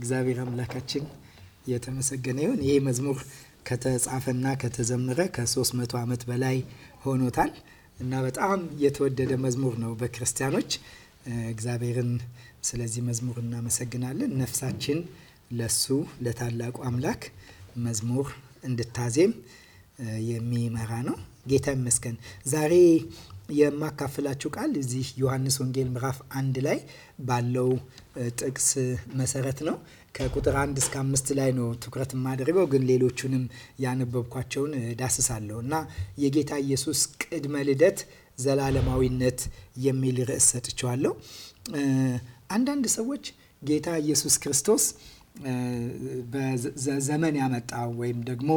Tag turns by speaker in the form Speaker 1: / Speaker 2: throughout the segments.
Speaker 1: እግዚአብሔር አምላካችን የተመሰገነ ይሁን። ይህ መዝሙር ከተጻፈና ከተዘመረ ከ300 ዓመት በላይ ሆኖታል እና በጣም የተወደደ መዝሙር ነው በክርስቲያኖች። እግዚአብሔርን ስለዚህ መዝሙር እናመሰግናለን። ነፍሳችን ለሱ ለታላቁ አምላክ መዝሙር እንድታዜም የሚመራ ነው። ጌታ ይመስገን ዛሬ የማካፍላችሁ ቃል እዚህ ዮሐንስ ወንጌል ምዕራፍ አንድ ላይ ባለው ጥቅስ መሰረት ነው። ከቁጥር አንድ እስከ አምስት ላይ ነው ትኩረት የማደርገው፣ ግን ሌሎቹንም ያነበብኳቸውን ዳስሳለሁ እና የጌታ ኢየሱስ ቅድመ ልደት ዘላለማዊነት የሚል ርዕስ ሰጥቸዋለሁ። አንዳንድ ሰዎች ጌታ ኢየሱስ ክርስቶስ በዘመን ያመጣው ወይም ደግሞ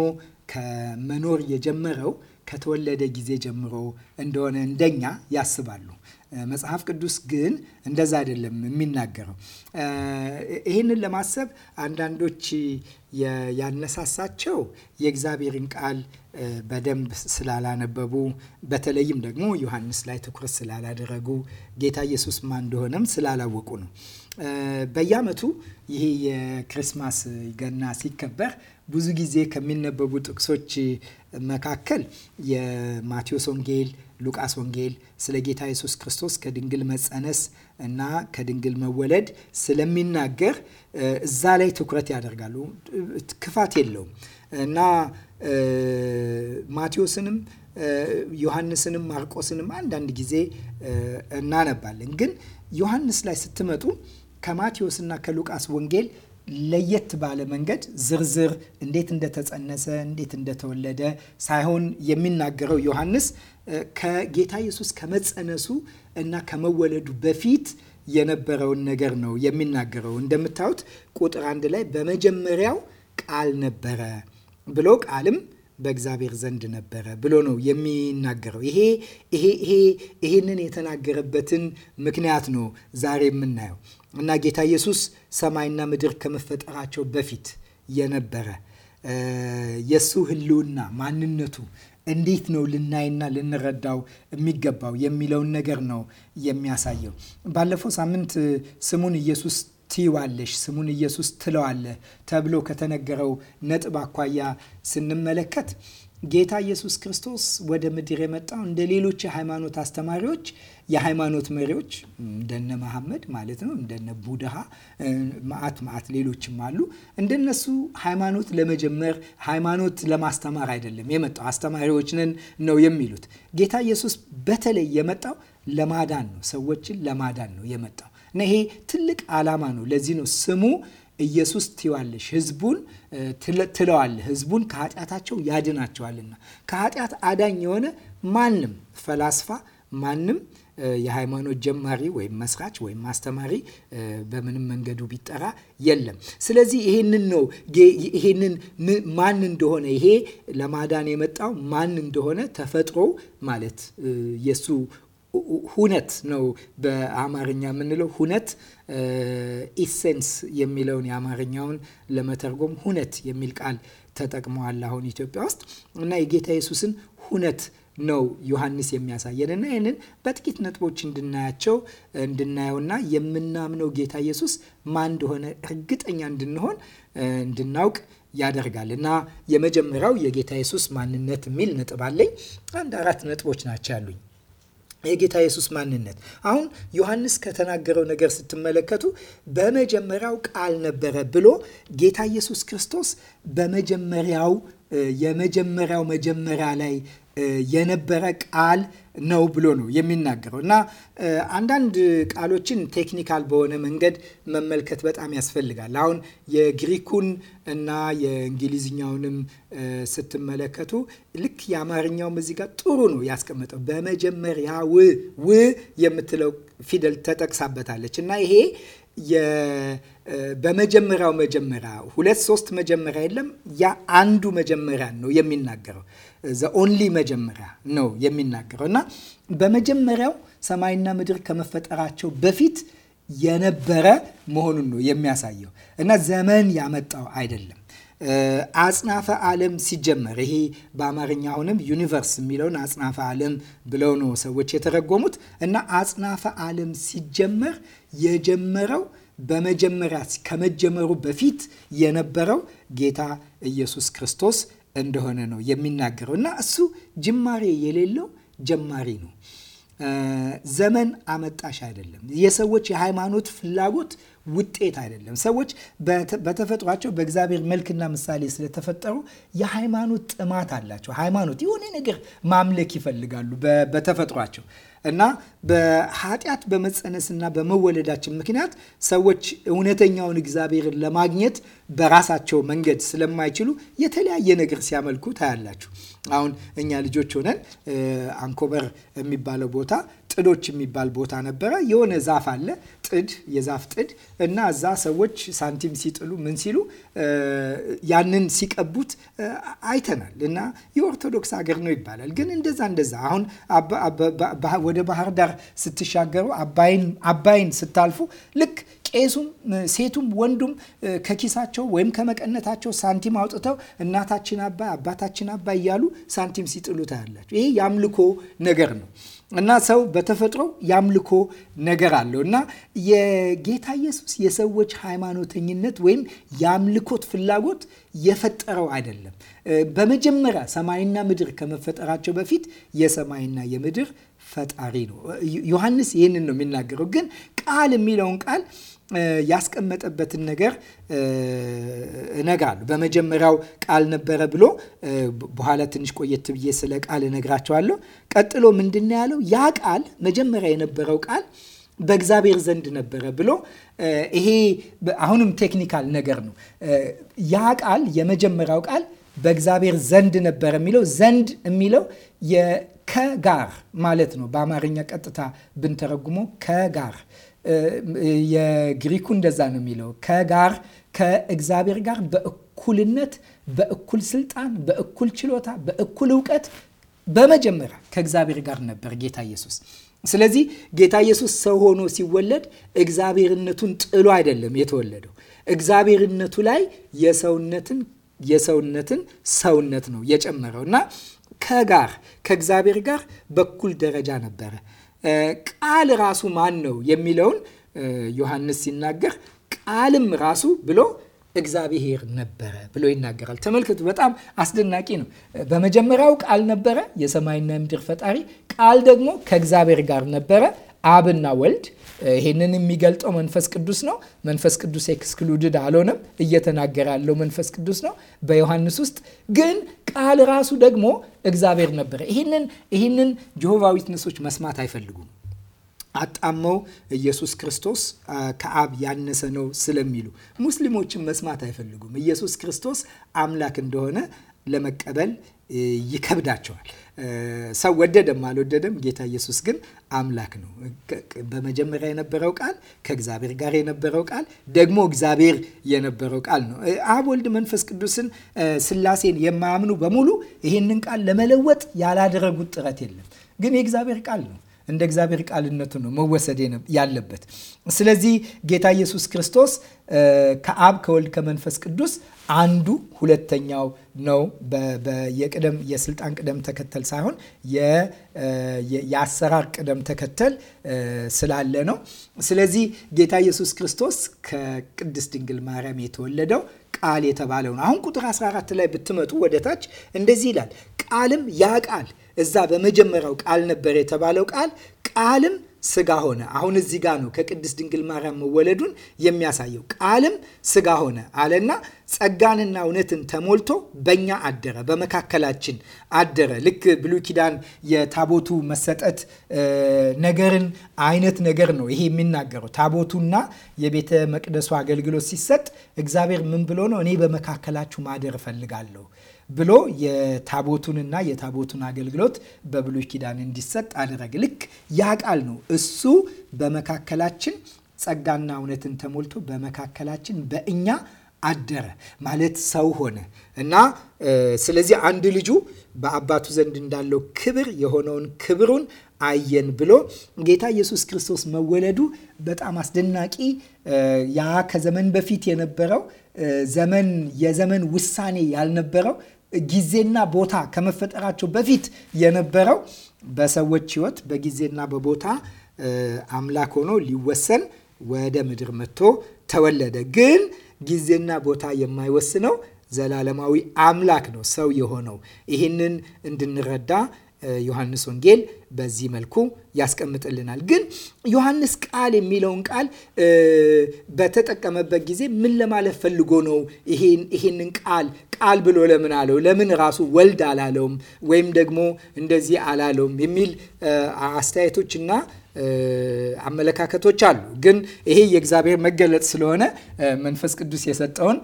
Speaker 1: ከመኖር የጀመረው ከተወለደ ጊዜ ጀምሮ እንደሆነ እንደኛ ያስባሉ። መጽሐፍ ቅዱስ ግን እንደዛ አይደለም የሚናገረው። ይህንን ለማሰብ አንዳንዶች ያነሳሳቸው የእግዚአብሔርን ቃል በደንብ ስላላነበቡ፣ በተለይም ደግሞ ዮሐንስ ላይ ትኩረት ስላላደረጉ፣ ጌታ ኢየሱስ ማን እንደሆነም ስላላወቁ ነው። በየዓመቱ ይሄ የክሪስማስ ገና ሲከበር ብዙ ጊዜ ከሚነበቡ ጥቅሶች መካከል የማቴዎስ ወንጌል፣ ሉቃስ ወንጌል ስለ ጌታ ኢየሱስ ክርስቶስ ከድንግል መጸነስ እና ከድንግል መወለድ ስለሚናገር እዛ ላይ ትኩረት ያደርጋሉ። ክፋት የለውም እና ማቴዎስንም ዮሐንስንም ማርቆስንም አንዳንድ ጊዜ እናነባለን። ግን ዮሐንስ ላይ ስትመጡ ከማቴዎስና ከሉቃስ ወንጌል ለየት ባለ መንገድ ዝርዝር እንዴት እንደተጸነሰ እንዴት እንደተወለደ ሳይሆን የሚናገረው ዮሐንስ ከጌታ ኢየሱስ ከመጸነሱ እና ከመወለዱ በፊት የነበረውን ነገር ነው የሚናገረው። እንደምታዩት ቁጥር አንድ ላይ በመጀመሪያው ቃል ነበረ ብሎ ቃልም በእግዚአብሔር ዘንድ ነበረ ብሎ ነው የሚናገረው። ይሄ ይሄ ይሄ ይሄንን የተናገረበትን ምክንያት ነው ዛሬ የምናየው። እና ጌታ ኢየሱስ ሰማይና ምድር ከመፈጠራቸው በፊት የነበረ የእሱ ህልውና ማንነቱ እንዴት ነው ልናይና ልንረዳው የሚገባው የሚለውን ነገር ነው የሚያሳየው። ባለፈው ሳምንት ስሙን ኢየሱስ ትይዋለሽ፣ ስሙን ኢየሱስ ትለዋለህ ተብሎ ከተነገረው ነጥብ አኳያ ስንመለከት ጌታ ኢየሱስ ክርስቶስ ወደ ምድር የመጣው እንደ ሌሎች የሃይማኖት አስተማሪዎች፣ የሃይማኖት መሪዎች እንደነ መሐመድ ማለት ነው እንደነ ቡድሃ ማአት ማአት ሌሎችም አሉ። እንደነሱ ሃይማኖት ለመጀመር ሃይማኖት ለማስተማር አይደለም የመጣው። አስተማሪዎች ነን ነው የሚሉት። ጌታ ኢየሱስ በተለይ የመጣው ለማዳን ነው፣ ሰዎችን ለማዳን ነው የመጣው እና ይሄ ትልቅ ዓላማ ነው። ለዚህ ነው ስሙ ኢየሱስ ትዋለሽ ህዝቡን ትለዋለህ ህዝቡን ከኃጢአታቸው ያድናቸዋልና። ከኃጢአት አዳኝ የሆነ ማንም ፈላስፋ፣ ማንም የሃይማኖት ጀማሪ ወይም መስራች ወይም አስተማሪ በምንም መንገዱ ቢጠራ የለም። ስለዚህ ይሄንን ነው ይሄንን ማን እንደሆነ ይሄ ለማዳን የመጣው ማን እንደሆነ ተፈጥሮው ማለት የእሱ ሁነት ነው በአማርኛ የምንለው። ሁነት ኢሴንስ የሚለውን የአማርኛውን ለመተርጎም ሁነት የሚል ቃል ተጠቅመዋል አሁን ኢትዮጵያ ውስጥ እና የጌታ ኢየሱስን ሁነት ነው ዮሐንስ እና ይህንን በጥቂት ነጥቦች እንድናያቸው እንድናየውና የምናምነው ጌታ ኢየሱስ ማን እንደሆነ እርግጠኛ እንድንሆን እንድናውቅ ያደርጋል እና የመጀመሪያው የጌታ ኢየሱስ ማንነት የሚል ነጥብ አለኝ። አንድ አራት ነጥቦች ናቸው ያሉኝ። የጌታ ኢየሱስ ማንነት አሁን ዮሐንስ ከተናገረው ነገር ስትመለከቱ በመጀመሪያው ቃል ነበረ ብሎ ጌታ ኢየሱስ ክርስቶስ በመጀመሪያው የመጀመሪያው መጀመሪያ ላይ የነበረ ቃል ነው ብሎ ነው የሚናገረው እና አንዳንድ ቃሎችን ቴክኒካል በሆነ መንገድ መመልከት በጣም ያስፈልጋል። አሁን የግሪኩን እና የእንግሊዝኛውንም ስትመለከቱ ልክ የአማርኛውም እዚህ ጋር ጥሩ ነው ያስቀመጠው። በመጀመሪያ ው ው የምትለው ፊደል ተጠቅሳበታለች እና ይሄ በመጀመሪያው መጀመሪያ ሁለት ሶስት መጀመሪያ የለም። ያ አንዱ መጀመሪያ ነው የሚናገረው። ዘ ኦንሊ መጀመሪያ ነው የሚናገረው እና በመጀመሪያው ሰማይና ምድር ከመፈጠራቸው በፊት የነበረ መሆኑን ነው የሚያሳየው እና ዘመን ያመጣው አይደለም። አጽናፈ ዓለም ሲጀመር ይሄ በአማርኛ አሁንም ዩኒቨርስ የሚለውን አጽናፈ ዓለም ብለው ነው ሰዎች የተረጎሙት እና አጽናፈ ዓለም ሲጀመር የጀመረው በመጀመሪያ ከመጀመሩ በፊት የነበረው ጌታ ኢየሱስ ክርስቶስ እንደሆነ ነው የሚናገረው እና እሱ ጅማሬ የሌለው ጀማሪ ነው። ዘመን አመጣሽ አይደለም። የሰዎች የሃይማኖት ፍላጎት ውጤት አይደለም። ሰዎች በተፈጥሯቸው በእግዚአብሔር መልክና ምሳሌ ስለተፈጠሩ የሃይማኖት ጥማት አላቸው። ሃይማኖት የሆነ ነገር ማምለክ ይፈልጋሉ በተፈጥሯቸው። እና በኃጢአት በመጸነስና በመወለዳችን ምክንያት ሰዎች እውነተኛውን እግዚአብሔርን ለማግኘት በራሳቸው መንገድ ስለማይችሉ የተለያየ ነገር ሲያመልኩ ታያላችሁ። አሁን እኛ ልጆች ሆነን አንኮበር የሚባለው ቦታ ጥዶች የሚባል ቦታ ነበረ። የሆነ ዛፍ አለ ጥድ፣ የዛፍ ጥድ እና እዛ ሰዎች ሳንቲም ሲጥሉ ምን ሲሉ ያንን ሲቀቡት አይተናል። እና የኦርቶዶክስ ሀገር ነው ይባላል። ግን እንደዛ እንደዛ አሁን ወደ ባህር ዳር ስትሻገሩ አባይን ስታልፉ ልክ ቄሱም ሴቱም ወንዱም ከኪሳቸው ወይም ከመቀነታቸው ሳንቲም አውጥተው እናታችን አባይ አባታችን አባይ እያሉ ሳንቲም ሲጥሉ ታያላችሁ። ይሄ የአምልኮ ነገር ነው። እና ሰው በተፈጥሮ የአምልኮ ነገር አለው እና የጌታ ኢየሱስ የሰዎች ሃይማኖተኝነት ወይም የአምልኮት ፍላጎት የፈጠረው አይደለም። በመጀመሪያ ሰማይና ምድር ከመፈጠራቸው በፊት የሰማይና የምድር ፈጣሪ ነው። ዮሐንስ ይህንን ነው የሚናገረው። ግን ቃል የሚለውን ቃል ያስቀመጠበትን ነገር እነግራለሁ። በመጀመሪያው ቃል ነበረ ብሎ በኋላ ትንሽ ቆየት ብዬ ስለ ቃል እነግራቸዋለሁ። ቀጥሎ ምንድን ያለው? ያ ቃል መጀመሪያ የነበረው ቃል በእግዚአብሔር ዘንድ ነበረ ብሎ ይሄ አሁንም ቴክኒካል ነገር ነው። ያ ቃል የመጀመሪያው ቃል በእግዚአብሔር ዘንድ ነበረ የሚለው ዘንድ የሚለው ከጋር ማለት ነው። በአማርኛ ቀጥታ ብንተረጉሞ ከጋር የግሪኩ እንደዛ ነው የሚለው ከጋር ከእግዚአብሔር ጋር በእኩልነት በእኩል ስልጣን፣ በእኩል ችሎታ፣ በእኩል እውቀት በመጀመሪያ ከእግዚአብሔር ጋር ነበር ጌታ ኢየሱስ። ስለዚህ ጌታ ኢየሱስ ሰው ሆኖ ሲወለድ እግዚአብሔርነቱን ጥሎ አይደለም የተወለደው። እግዚአብሔርነቱ ላይ የሰውነትን የሰውነትን ሰውነት ነው የጨመረው እና ከጋር ከእግዚአብሔር ጋር በኩል ደረጃ ነበረ ቃል ራሱ ማን ነው የሚለውን ዮሐንስ ሲናገር ቃልም ራሱ ብሎ እግዚአብሔር ነበረ ብሎ ይናገራል። ተመልከቱ፣ በጣም አስደናቂ ነው። በመጀመሪያው ቃል ነበረ የሰማይና የምድር ፈጣሪ። ቃል ደግሞ ከእግዚአብሔር ጋር ነበረ። አብና ወልድ ይሄንን የሚገልጠው መንፈስ ቅዱስ ነው። መንፈስ ቅዱስ ኤክስክሉድድ አልሆነም። እየተናገረ ያለው መንፈስ ቅዱስ ነው በዮሐንስ ውስጥ። ግን ቃል ራሱ ደግሞ እግዚአብሔር ነበረ። ይህንን ይህንን ጆሆቫ ዊትነሶች መስማት አይፈልጉም። አጣመው ኢየሱስ ክርስቶስ ከአብ ያነሰ ነው ስለሚሉ ሙስሊሞችን መስማት አይፈልጉም። ኢየሱስ ክርስቶስ አምላክ እንደሆነ ለመቀበል ይከብዳቸዋል። ሰው ወደደም አልወደደም ጌታ ኢየሱስ ግን አምላክ ነው። በመጀመሪያ የነበረው ቃል ከእግዚአብሔር ጋር የነበረው ቃል ደግሞ እግዚአብሔር የነበረው ቃል ነው። አብ፣ ወልድ፣ መንፈስ ቅዱስን ስላሴን የማያምኑ በሙሉ ይህንን ቃል ለመለወጥ ያላደረጉት ጥረት የለም። ግን የእግዚአብሔር ቃል ነው። እንደ እግዚአብሔር ቃልነቱ ነው መወሰድ ያለበት። ስለዚህ ጌታ ኢየሱስ ክርስቶስ ከአብ ከወልድ ከመንፈስ ቅዱስ አንዱ ሁለተኛው ነው። የቅደም የስልጣን ቅደም ተከተል ሳይሆን የአሰራር ቅደም ተከተል ስላለ ነው። ስለዚህ ጌታ ኢየሱስ ክርስቶስ ከቅድስት ድንግል ማርያም የተወለደው ቃል የተባለው ነው። አሁን ቁጥር 14 ላይ ብትመጡ ወደ ታች እንደዚህ ይላል። ቃልም ያ ቃል እዛ በመጀመሪያው ቃል ነበር የተባለው ቃል ቃልም ስጋ ሆነ። አሁን እዚህ ጋር ነው ከቅድስት ድንግል ማርያም መወለዱን የሚያሳየው። ቃልም ስጋ ሆነ አለና ጸጋንና እውነትን ተሞልቶ በእኛ አደረ፣ በመካከላችን አደረ። ልክ ብሉይ ኪዳን የታቦቱ መሰጠት ነገርን አይነት ነገር ነው ይሄ የሚናገረው። ታቦቱና የቤተ መቅደሱ አገልግሎት ሲሰጥ እግዚአብሔር ምን ብሎ ነው? እኔ በመካከላችሁ ማደር እፈልጋለሁ ብሎ የታቦቱንና የታቦቱን አገልግሎት በብሉይ ኪዳን እንዲሰጥ አደረገ። ልክ ያ ቃል ነው። እሱ በመካከላችን ጸጋና እውነትን ተሞልቶ በመካከላችን በእኛ አደረ ማለት ሰው ሆነ እና ስለዚህ አንድ ልጁ በአባቱ ዘንድ እንዳለው ክብር የሆነውን ክብሩን አየን ብሎ ጌታ ኢየሱስ ክርስቶስ መወለዱ በጣም አስደናቂ ያ ከዘመን በፊት የነበረው ዘመን የዘመን ውሳኔ ያልነበረው ጊዜና ቦታ ከመፈጠራቸው በፊት የነበረው በሰዎች ህይወት በጊዜና በቦታ አምላክ ሆኖ ሊወሰን ወደ ምድር መጥቶ ተወለደ። ግን ጊዜና ቦታ የማይወስነው ዘላለማዊ አምላክ ነው ሰው የሆነው። ይህንን እንድንረዳ ዮሐንስ ወንጌል በዚህ መልኩ ያስቀምጥልናል። ግን ዮሐንስ ቃል የሚለውን ቃል በተጠቀመበት ጊዜ ምን ለማለት ፈልጎ ነው? ይሄንን ቃል ቃል ብሎ ለምን አለው? ለምን ራሱ ወልድ አላለውም? ወይም ደግሞ እንደዚህ አላለውም የሚል አስተያየቶችና አመለካከቶች አሉ። ግን ይሄ የእግዚአብሔር መገለጥ ስለሆነ መንፈስ ቅዱስ የሰጠውን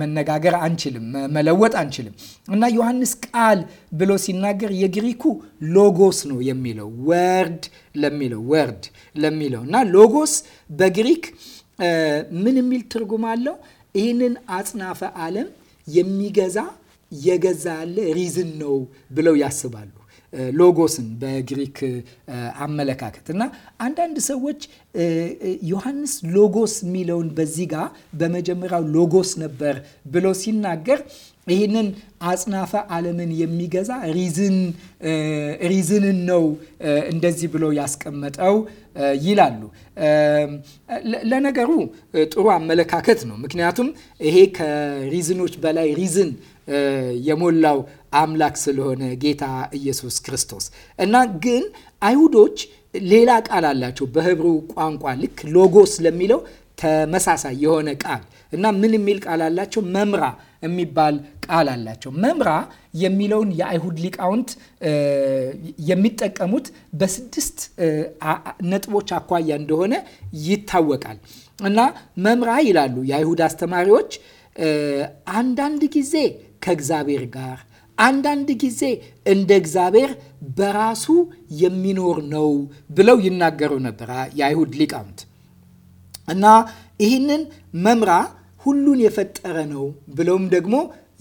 Speaker 1: መነጋገር አንችልም፣ መለወጥ አንችልም እና ዮሐንስ ቃል ብሎ ሲናገር የግሪኩ ሎጎስ ነው የሚለው ወርድ ለሚለው ወርድ ለሚለው እና ሎጎስ በግሪክ ምን የሚል ትርጉም አለው? ይህንን አጽናፈ ዓለም የሚገዛ የገዛ ያለ ሪዝን ነው ብለው ያስባሉ። ሎጎስን በግሪክ አመለካከት እና አንዳንድ ሰዎች ዮሐንስ ሎጎስ የሚለውን በዚህ ጋር በመጀመሪያው ሎጎስ ነበር ብሎ ሲናገር ይህንን አጽናፈ ዓለምን የሚገዛ ሪዝንን ነው እንደዚህ ብሎ ያስቀመጠው ይላሉ። ለነገሩ ጥሩ አመለካከት ነው። ምክንያቱም ይሄ ከሪዝኖች በላይ ሪዝን የሞላው አምላክ ስለሆነ ጌታ ኢየሱስ ክርስቶስ እና ግን አይሁዶች ሌላ ቃል አላቸው በህብሩ ቋንቋ ልክ ሎጎስ ለሚለው ተመሳሳይ የሆነ ቃል እና ምን የሚል ቃል አላቸው? መምራ የሚባል ቃል አላቸው። መምራ የሚለውን የአይሁድ ሊቃውንት የሚጠቀሙት በስድስት ነጥቦች አኳያ እንደሆነ ይታወቃል። እና መምራ ይላሉ የአይሁድ አስተማሪዎች አንዳንድ ጊዜ ከእግዚአብሔር ጋር አንዳንድ ጊዜ እንደ እግዚአብሔር በራሱ የሚኖር ነው ብለው ይናገሩ ነበር የአይሁድ ሊቃውንት እና ይህንን መምራ ሁሉን የፈጠረ ነው ብለውም ደግሞ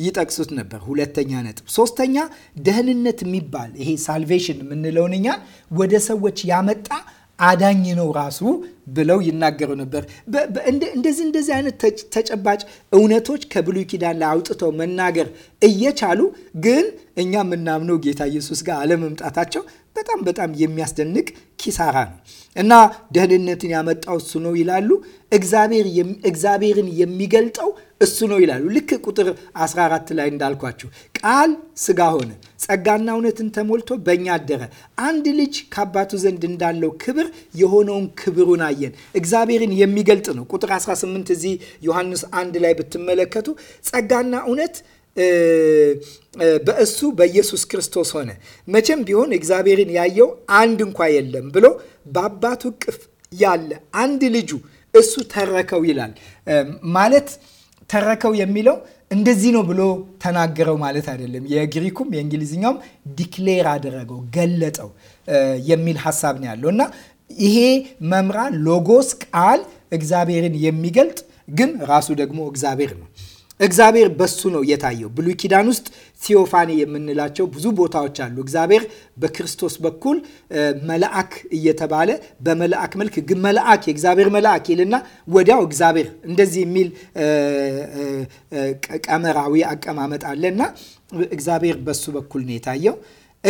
Speaker 1: ይጠቅሱት ነበር። ሁለተኛ ነጥብ። ሶስተኛ ደህንነት የሚባል ይሄ ሳልቬሽን የምንለውን እኛን ወደ ሰዎች ያመጣ አዳኝ ነው ራሱ ብለው ይናገሩ ነበር። እንደዚህ እንደዚህ አይነት ተጨባጭ እውነቶች ከብሉይ ኪዳን ላይ አውጥተው መናገር እየቻሉ ግን እኛ የምናምነው ጌታ ኢየሱስ ጋር አለመምጣታቸው በጣም በጣም የሚያስደንቅ ኪሳራ ነው እና ደህንነትን ያመጣው እሱ ነው ይላሉ። እግዚአብሔርን የሚገልጠው እሱ ነው ይላሉ። ልክ ቁጥር 14 ላይ እንዳልኳችሁ ቃል ስጋ ሆነ፣ ጸጋና እውነትን ተሞልቶ በእኛ አደረ። አንድ ልጅ ከአባቱ ዘንድ እንዳለው ክብር የሆነውን ክብሩን አየን። እግዚአብሔርን የሚገልጥ ነው። ቁጥር 18 እዚህ ዮሐንስ አንድ ላይ ብትመለከቱ ጸጋና እውነት በእሱ በኢየሱስ ክርስቶስ ሆነ። መቼም ቢሆን እግዚአብሔርን ያየው አንድ እንኳ የለም ብሎ በአባቱ እቅፍ ያለ አንድ ልጁ እሱ ተረከው ይላል። ማለት ተረከው የሚለው እንደዚህ ነው ብሎ ተናገረው ማለት አይደለም። የግሪኩም የእንግሊዝኛውም ዲክሌር አደረገው፣ ገለጠው የሚል ሀሳብ ነው ያለው እና ይሄ መምራ ሎጎስ ቃል እግዚአብሔርን የሚገልጥ ግን ራሱ ደግሞ እግዚአብሔር ነው። እግዚአብሔር በሱ ነው የታየው። ብሉይ ኪዳን ውስጥ ቲዮፋኒ የምንላቸው ብዙ ቦታዎች አሉ። እግዚአብሔር በክርስቶስ በኩል መልአክ እየተባለ በመልአክ መልክ ግን መልአክ የእግዚአብሔር መልአክ ይልና ወዲያው እግዚአብሔር እንደዚህ የሚል ቀመራዊ አቀማመጥ አለ እና እግዚአብሔር በሱ በኩል ነው የታየው።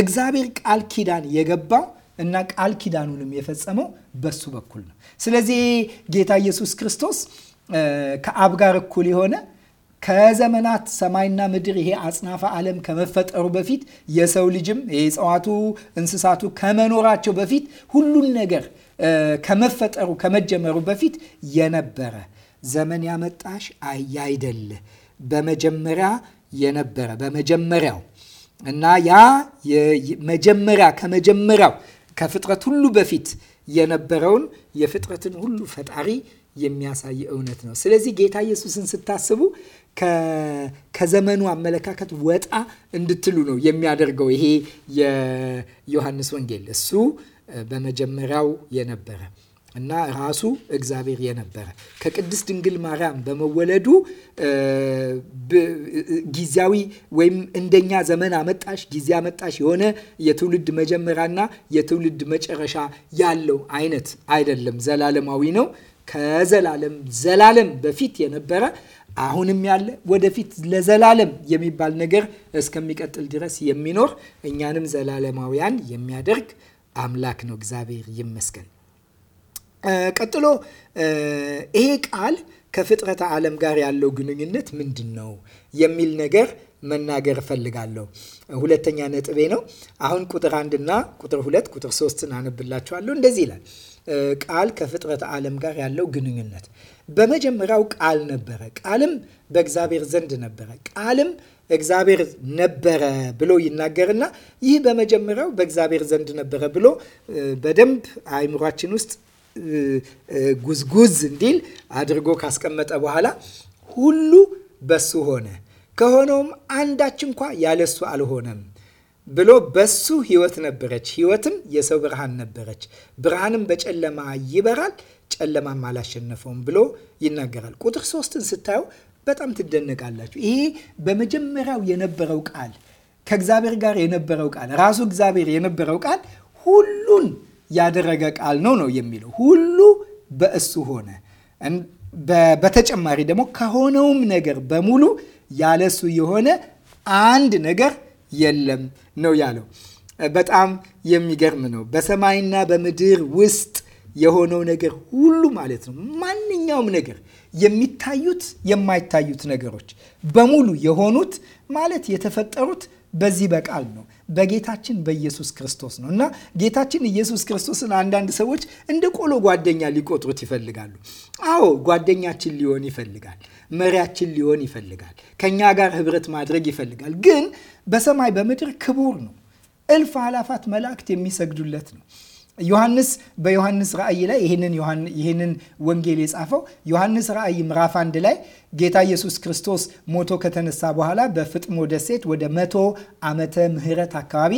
Speaker 1: እግዚአብሔር ቃል ኪዳን የገባው እና ቃል ኪዳኑንም የፈጸመው በሱ በኩል ነው። ስለዚህ ጌታ ኢየሱስ ክርስቶስ ከአብ ጋር እኩል የሆነ ከዘመናት ሰማይና ምድር ይሄ አጽናፈ ዓለም ከመፈጠሩ በፊት የሰው ልጅም የእጽዋቱ እንስሳቱ ከመኖራቸው በፊት ሁሉን ነገር ከመፈጠሩ ከመጀመሩ በፊት የነበረ ዘመን ያመጣሽ አያይደል በመጀመሪያ የነበረ በመጀመሪያው እና ያ መጀመሪያ ከመጀመሪያው ከፍጥረት ሁሉ በፊት የነበረውን የፍጥረትን ሁሉ ፈጣሪ የሚያሳይ እውነት ነው። ስለዚህ ጌታ ኢየሱስን ስታስቡ ከዘመኑ አመለካከት ወጣ እንድትሉ ነው የሚያደርገው ይሄ የዮሐንስ ወንጌል እሱ በመጀመሪያው የነበረ እና ራሱ እግዚአብሔር የነበረ ከቅድስት ድንግል ማርያም በመወለዱ ጊዜያዊ ወይም እንደኛ ዘመን አመጣሽ ጊዜ አመጣሽ የሆነ የትውልድ መጀመሪያና የትውልድ መጨረሻ ያለው አይነት አይደለም። ዘላለማዊ ነው። ከዘላለም ዘላለም በፊት የነበረ አሁንም ያለ ወደፊት ለዘላለም የሚባል ነገር እስከሚቀጥል ድረስ የሚኖር እኛንም ዘላለማውያን የሚያደርግ አምላክ ነው። እግዚአብሔር ይመስገን። ቀጥሎ ይሄ ቃል ከፍጥረተ ዓለም ጋር ያለው ግንኙነት ምንድን ነው የሚል ነገር መናገር እፈልጋለሁ። ሁለተኛ ነጥቤ ነው። አሁን ቁጥር አንድና ቁጥር ሁለት ቁጥር ሶስትን አነብላችኋለሁ። እንደዚህ ይላል ቃል ከፍጥረተ ዓለም ጋር ያለው ግንኙነት በመጀመሪያው ቃል ነበረ፣ ቃልም በእግዚአብሔር ዘንድ ነበረ፣ ቃልም እግዚአብሔር ነበረ ብሎ ይናገርና ይህ በመጀመሪያው በእግዚአብሔር ዘንድ ነበረ ብሎ በደንብ አይምሯችን ውስጥ ጉዝጉዝ እንዲል አድርጎ ካስቀመጠ በኋላ ሁሉ በሱ ሆነ፣ ከሆነውም አንዳች እንኳ ያለሱ አልሆነም ብሎ በሱ ህይወት ነበረች፣ ህይወትም የሰው ብርሃን ነበረች። ብርሃንም በጨለማ ይበራል፣ ጨለማም አላሸነፈውም ብሎ ይናገራል። ቁጥር ሶስትን ስታዩ በጣም ትደነቃላችሁ። ይሄ በመጀመሪያው የነበረው ቃል ከእግዚአብሔር ጋር የነበረው ቃል ራሱ እግዚአብሔር የነበረው ቃል ሁሉን ያደረገ ቃል ነው ነው የሚለው ሁሉ በእሱ ሆነ። በተጨማሪ ደግሞ ከሆነውም ነገር በሙሉ ያለሱ የሆነ አንድ ነገር የለም ነው ያለው። በጣም የሚገርም ነው። በሰማይና በምድር ውስጥ የሆነው ነገር ሁሉ ማለት ነው። ማንኛውም ነገር የሚታዩት የማይታዩት ነገሮች በሙሉ የሆኑት ማለት የተፈጠሩት በዚህ በቃል ነው፣ በጌታችን በኢየሱስ ክርስቶስ ነው እና ጌታችን ኢየሱስ ክርስቶስን አንዳንድ ሰዎች እንደ ቆሎ ጓደኛ ሊቆጥሩት ይፈልጋሉ። አዎ ጓደኛችን ሊሆን ይፈልጋል፣ መሪያችን ሊሆን ይፈልጋል፣ ከእኛ ጋር ህብረት ማድረግ ይፈልጋል። ግን በሰማይ በምድር ክቡር ነው። እልፍ አላፋት መላእክት የሚሰግዱለት ነው። ዮሐንስ በዮሐንስ ራእይ ላይ ይህንን ወንጌል የጻፈው ዮሐንስ ራእይ ምዕራፍ አንድ ላይ ጌታ ኢየሱስ ክርስቶስ ሞቶ ከተነሳ በኋላ በፍጥሞ ደሴት ወደ መቶ ዓመተ ምህረት አካባቢ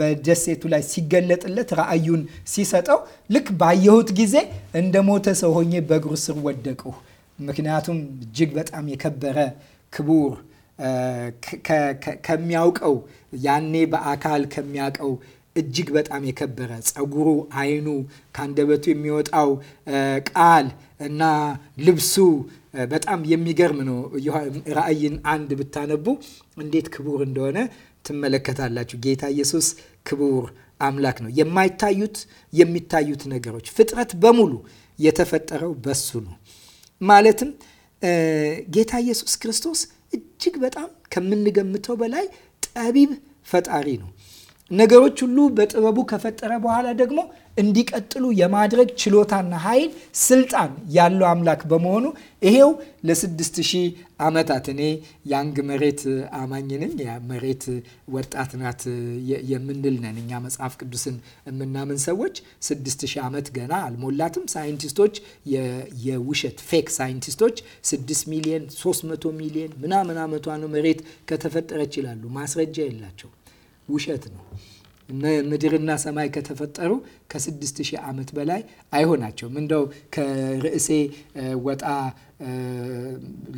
Speaker 1: በደሴቱ ላይ ሲገለጥለት ራእዩን ሲሰጠው ልክ ባየሁት ጊዜ እንደ ሞተ ሰው ሆኜ በእግሩ ስር ወደቅሁ። ምክንያቱም እጅግ በጣም የከበረ ክቡር ከሚያውቀው ያኔ በአካል ከሚያውቀው እጅግ በጣም የከበረ ጸጉሩ፣ አይኑ ከአንደበቱ የሚወጣው ቃል እና ልብሱ በጣም የሚገርም ነው። ራእይን አንድ ብታነቡ እንዴት ክቡር እንደሆነ ትመለከታላችሁ። ጌታ ኢየሱስ ክቡር አምላክ ነው። የማይታዩት የሚታዩት ነገሮች ፍጥረት በሙሉ የተፈጠረው በሱ ነው። ማለትም ጌታ ኢየሱስ ክርስቶስ እጅግ በጣም ከምንገምተው በላይ ጠቢብ ፈጣሪ ነው። ነገሮች ሁሉ በጥበቡ ከፈጠረ በኋላ ደግሞ እንዲቀጥሉ የማድረግ ችሎታና ኃይል፣ ስልጣን ያለው አምላክ በመሆኑ ይሄው ለ ሺህ ዓመታት እኔ ያንግ መሬት አማኝ ነኝ። መሬት ወጣት ናት የምንል ነን እኛ መጽሐፍ ቅዱስን የምናምን ሰዎች። ስድስት ዓመት ገና አልሞላትም። ሳይንቲስቶች፣ የውሸት ፌክ ሳይንቲስቶች 6 ሚሊዮን 300 ሚሊዮን ምናምን ዓመቷ ነው መሬት ከተፈጠረች ይላሉ። ማስረጃ የላቸው ውሸት ነው። ምድርና ሰማይ ከተፈጠሩ ከ6000 ዓመት በላይ አይሆናቸውም። እንደው ከርዕሴ ወጣ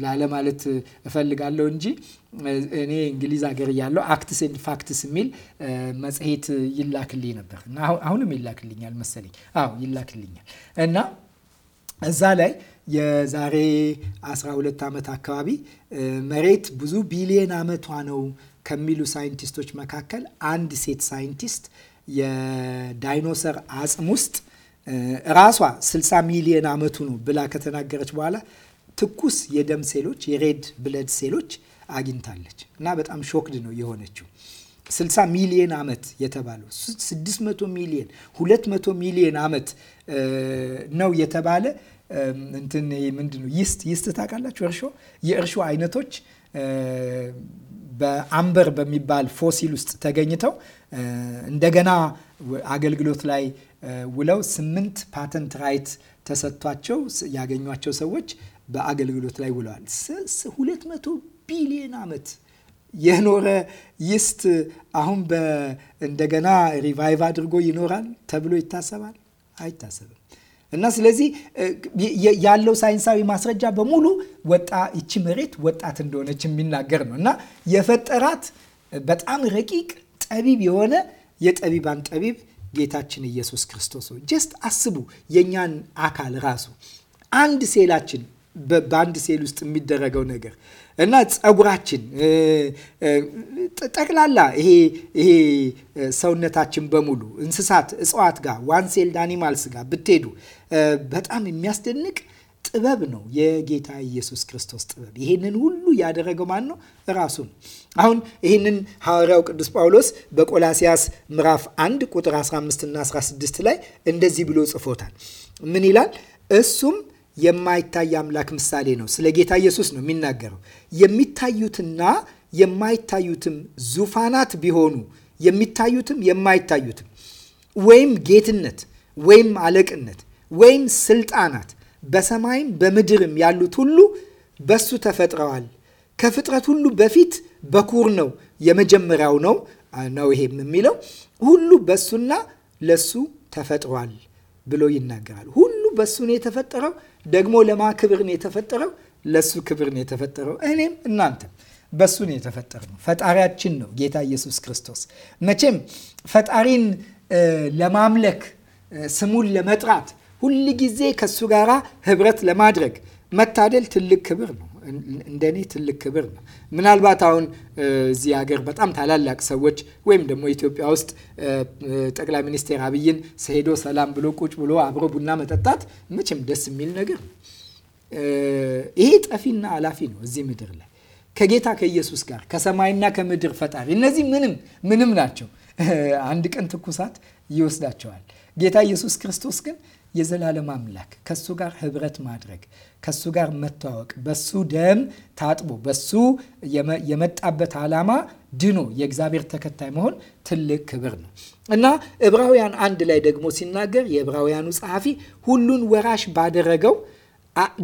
Speaker 1: ላለማለት እፈልጋለሁ እንጂ እኔ እንግሊዝ ሀገር እያለሁ አክትስ ኤንድ ፋክትስ የሚል መጽሔት ይላክልኝ ነበር። አሁንም ይላክልኛል መሰለኝ። አዎ ይላክልኛል እና እዛ ላይ የዛሬ 12 ዓመት አካባቢ መሬት ብዙ ቢሊየን ዓመቷ ነው ከሚሉ ሳይንቲስቶች መካከል አንድ ሴት ሳይንቲስት የዳይኖሰር አጽም ውስጥ ራሷ 60 ሚሊዮን ዓመቱ ነው ብላ ከተናገረች በኋላ ትኩስ የደም ሴሎች የሬድ ብለድ ሴሎች አግኝታለች እና በጣም ሾክድ ነው የሆነችው። 60 ሚሊዮን ዓመት የተባለው 600 ሚሊዮን 200 ሚሊዮን ዓመት ነው የተባለ እንትን ምንድን ነው ይስት ይስት ታውቃላችሁ? እርሾ የእርሾ አይነቶች በአምበር በሚባል ፎሲል ውስጥ ተገኝተው እንደገና አገልግሎት ላይ ውለው ስምንት ፓተንት ራይት ተሰጥቷቸው ያገኟቸው ሰዎች በአገልግሎት ላይ ውለዋል። ሁለት መቶ ቢሊዮን ዓመት የኖረ ይስት አሁን እንደገና ሪቫይቭ አድርጎ ይኖራል ተብሎ ይታሰባል? አይታሰብም። እና ስለዚህ ያለው ሳይንሳዊ ማስረጃ በሙሉ ወጣ ይቺ መሬት ወጣት እንደሆነች የሚናገር ነው እና የፈጠራት በጣም ረቂቅ ጠቢብ የሆነ የጠቢባን ጠቢብ ጌታችን ኢየሱስ ክርስቶስ ነው። ጀስት አስቡ የእኛን አካል ራሱ አንድ ሴላችን በአንድ ሴል ውስጥ የሚደረገው ነገር እና ፀጉራችን ጠቅላላ ይሄ ይሄ ሰውነታችን በሙሉ እንስሳት፣ እጽዋት ጋር ዋንሴልድ አኒማልስ ጋር ብትሄዱ በጣም የሚያስደንቅ ጥበብ ነው የጌታ ኢየሱስ ክርስቶስ ጥበብ። ይህንን ሁሉ ያደረገው ማን ነው? ራሱ ነው። አሁን ይህንን ሐዋርያው ቅዱስ ጳውሎስ በቆላሲያስ ምዕራፍ 1 ቁጥር 15 እና 16 ላይ እንደዚህ ብሎ ጽፎታል። ምን ይላል? እሱም የማይታይ አምላክ ምሳሌ ነው። ስለ ጌታ ኢየሱስ ነው የሚናገረው። የሚታዩትና የማይታዩትም ዙፋናት ቢሆኑ የሚታዩትም የማይታዩትም ወይም ጌትነት ወይም አለቅነት ወይም ስልጣናት በሰማይም በምድርም ያሉት ሁሉ በሱ ተፈጥረዋል። ከፍጥረት ሁሉ በፊት በኩር ነው፣ የመጀመሪያው ነው ነው ይሄም የሚለው ሁሉ በሱና ለሱ ተፈጥሯል ብሎ ይናገራል። በእሱ ነው የተፈጠረው። ደግሞ ለማ ክብር ነው የተፈጠረው፣ ለእሱ ክብር ነው የተፈጠረው። እኔም እናንተ በእሱ ነው ነው። ፈጣሪያችን ነው ጌታ ኢየሱስ ክርስቶስ። መቼም ፈጣሪን ለማምለክ ስሙን ለመጥራት ሁል ጊዜ ከእሱ ጋራ ህብረት ለማድረግ መታደል ትልቅ ክብር ነው። እንደኔ ትልቅ ክብር ነው። ምናልባት አሁን እዚህ ሀገር በጣም ታላላቅ ሰዎች ወይም ደግሞ ኢትዮጵያ ውስጥ ጠቅላይ ሚኒስቴር አብይን ሄዶ ሰላም ብሎ ቁጭ ብሎ አብሮ ቡና መጠጣት መቼም ደስ የሚል ነገር ነው። ይሄ ጠፊና አላፊ ነው እዚህ ምድር ላይ ከጌታ ከኢየሱስ ጋር ከሰማይና ከምድር ፈጣሪ እነዚህ ምንም ምንም ናቸው። አንድ ቀን ትኩሳት ይወስዳቸዋል። ጌታ ኢየሱስ ክርስቶስ ግን የዘላለም አምላክ ከሱ ጋር ህብረት ማድረግ ከሱ ጋር መተዋወቅ በሱ ደም ታጥቦ በሱ የመጣበት ዓላማ ድኖ የእግዚአብሔር ተከታይ መሆን ትልቅ ክብር ነው እና ዕብራውያን አንድ ላይ ደግሞ ሲናገር የዕብራውያኑ ጸሐፊ ሁሉን ወራሽ ባደረገው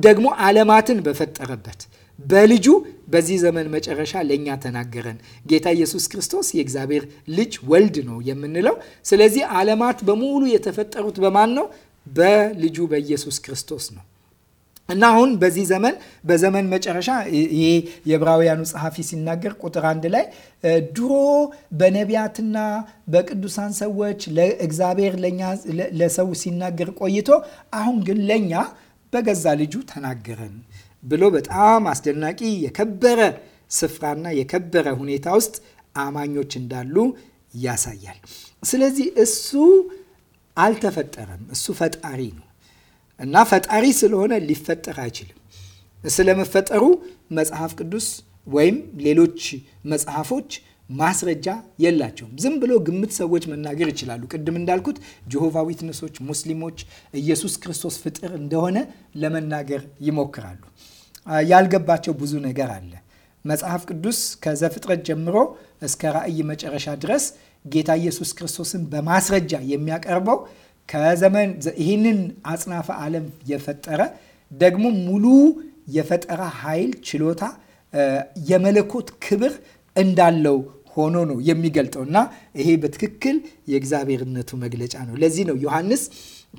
Speaker 1: ደግሞ ዓለማትን በፈጠረበት በልጁ በዚህ ዘመን መጨረሻ ለእኛ ተናገረን። ጌታ ኢየሱስ ክርስቶስ የእግዚአብሔር ልጅ ወልድ ነው የምንለው። ስለዚህ ዓለማት በሙሉ የተፈጠሩት በማን ነው? በልጁ በኢየሱስ ክርስቶስ ነው። እና አሁን በዚህ ዘመን በዘመን መጨረሻ ይሄ የዕብራውያኑ ጸሐፊ ሲናገር ቁጥር አንድ ላይ ድሮ በነቢያትና በቅዱሳን ሰዎች ለእግዚአብሔር ለኛ ለሰው ሲናገር ቆይቶ አሁን ግን ለእኛ በገዛ ልጁ ተናገረን ብሎ በጣም አስደናቂ የከበረ ስፍራና የከበረ ሁኔታ ውስጥ አማኞች እንዳሉ ያሳያል። ስለዚህ እሱ አልተፈጠረም። እሱ ፈጣሪ ነው እና ፈጣሪ ስለሆነ ሊፈጠር አይችልም። ስለመፈጠሩ መጽሐፍ ቅዱስ ወይም ሌሎች መጽሐፎች ማስረጃ የላቸውም። ዝም ብሎ ግምት ሰዎች መናገር ይችላሉ። ቅድም እንዳልኩት ጆሆቫ ዊትነሶች፣ ሙስሊሞች ኢየሱስ ክርስቶስ ፍጥር እንደሆነ ለመናገር ይሞክራሉ። ያልገባቸው ብዙ ነገር አለ። መጽሐፍ ቅዱስ ከዘፍጥረት ጀምሮ እስከ ራእይ መጨረሻ ድረስ ጌታ ኢየሱስ ክርስቶስን በማስረጃ የሚያቀርበው ከዘመን ይህንን አጽናፈ ዓለም የፈጠረ ደግሞ ሙሉ የፈጠራ ኃይል፣ ችሎታ፣ የመለኮት ክብር እንዳለው ሆኖ ነው የሚገልጠው እና ይሄ በትክክል የእግዚአብሔርነቱ መግለጫ ነው። ለዚህ ነው ዮሐንስ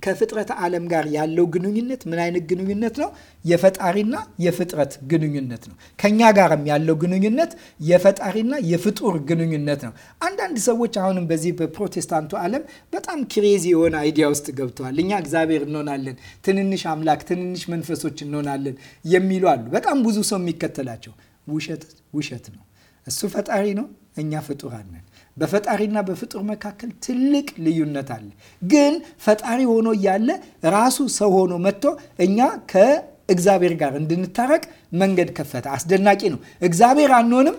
Speaker 1: ከፍጥረት ዓለም ጋር ያለው ግንኙነት ምን አይነት ግንኙነት ነው? የፈጣሪና የፍጥረት ግንኙነት ነው። ከኛ ጋርም ያለው ግንኙነት የፈጣሪና የፍጡር ግንኙነት ነው። አንዳንድ ሰዎች አሁንም በዚህ በፕሮቴስታንቱ ዓለም በጣም ክሬዚ የሆነ አይዲያ ውስጥ ገብተዋል። እኛ እግዚአብሔር እንሆናለን፣ ትንንሽ አምላክ፣ ትንንሽ መንፈሶች እንሆናለን የሚሉ አሉ። በጣም ብዙ ሰው የሚከተላቸው ውሸት ውሸት ነው። እሱ ፈጣሪ ነው፣ እኛ ፍጡራን ነን። በፈጣሪና በፍጡር መካከል ትልቅ ልዩነት አለ። ግን ፈጣሪ ሆኖ እያለ ራሱ ሰው ሆኖ መጥቶ እኛ ከእግዚአብሔር ጋር እንድንታረቅ መንገድ ከፈተ። አስደናቂ ነው። እግዚአብሔር አንሆንም፣